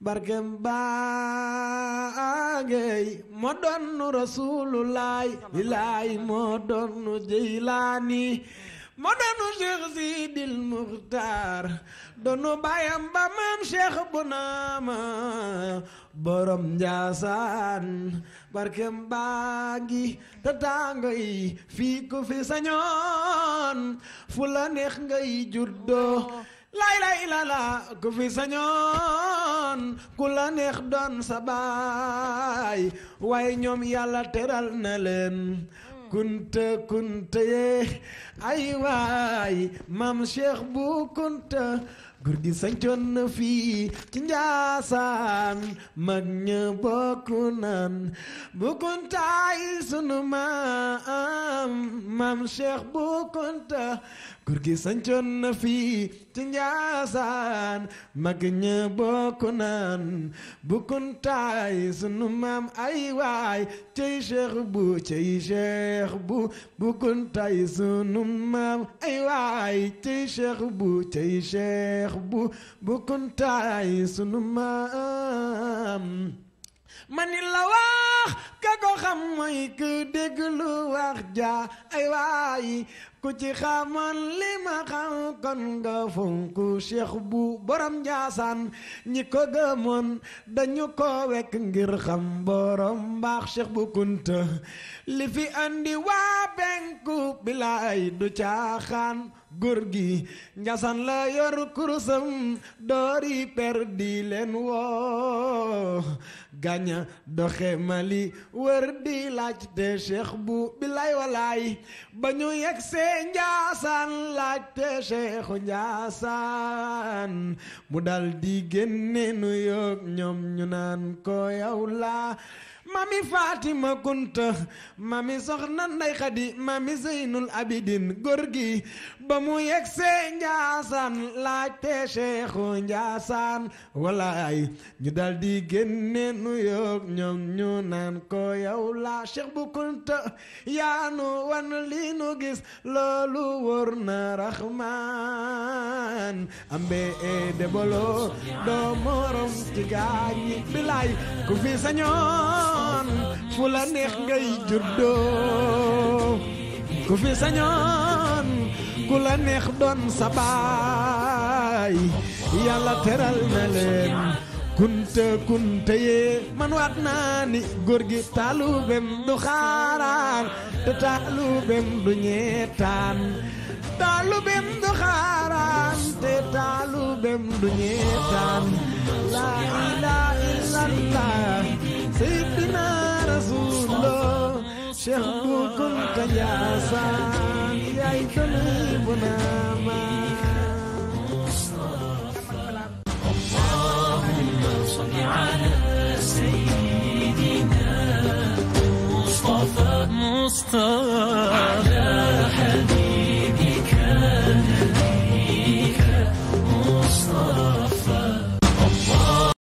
barke baa ngay moo doon nu rasuulullaay ilaay moo moo doonu Cheikh Sidil Muxtaar doonu baayam ba maam Cheikh Bunaama borom Njaasaan barkem baa ngi te tàngo fii ku fi sañoon fu la neex ngay juddoo lay lay la la ku fi sañoon ku la neex doon sa baay waaye ñoom yàlla teral na leen kunta kunta yee ay waay maam cheikh bu kunta góor gi sancoon na fii ci njaasaan mag ña bokku naan bu kuntaay sunu maam maam cheikh bu kunta góor gi na fii ci njaasaan mag ña bokk naan bukkuntaay sunu maam ay waay cey cheikh bu cey cheikh bu bukkuntaay sunu maam ay waay cey cheikh bu cey cheikh bu bukkuntaay sunu maam mani la wax ka ko xam mooy ku dégg lu wax ja ay waay ku ci xamoon li ma xam kon nga fonku cheikh bu borom njaasaan ñi ko gëmoon dañu ko wekk ngir xam borom mbaax cheikh bu kunta li fi andi waa penku bilaay du caaxaan góor gi njaasaan la yor kurusam doori per di leen woo gaña doxe mali wër di laajte cheikh bu bilay walaay ba ñu yegg see njaasaan laajte cheikhu njaasaan mu dal di génne nu yoog ñoom ñu naan ko yow laa mami Fatima Kunta mami Soxna Ndey Xadi mami Zeynul Abidin góor gi ba mu yegsee Njaasaan laajte Seexu Njaasaan walaay ñu dal di génne nu yoog ñoom ñu naan ko yow la bu Kunta yaa nu wan li nu gis loolu wóor na Raxmaan ambe e debolo doo morom ci gaañi ku fi sañoon sañoon fu la neex ngay ku fi sañoon ku la neex doon sa baay yàlla teral na leen kunte kunte yee man waat naa ni góor gi taalubem du xaaraan te taalubem du ñeetaan taalubem du xaaraan te taalubem du ñeetaan laa ilaaha illallaah سيدنا رسول الله شيخ بوكم كنياسان يا إيتني بناما اللهم صل على سيدنا مصطفى مصطفى على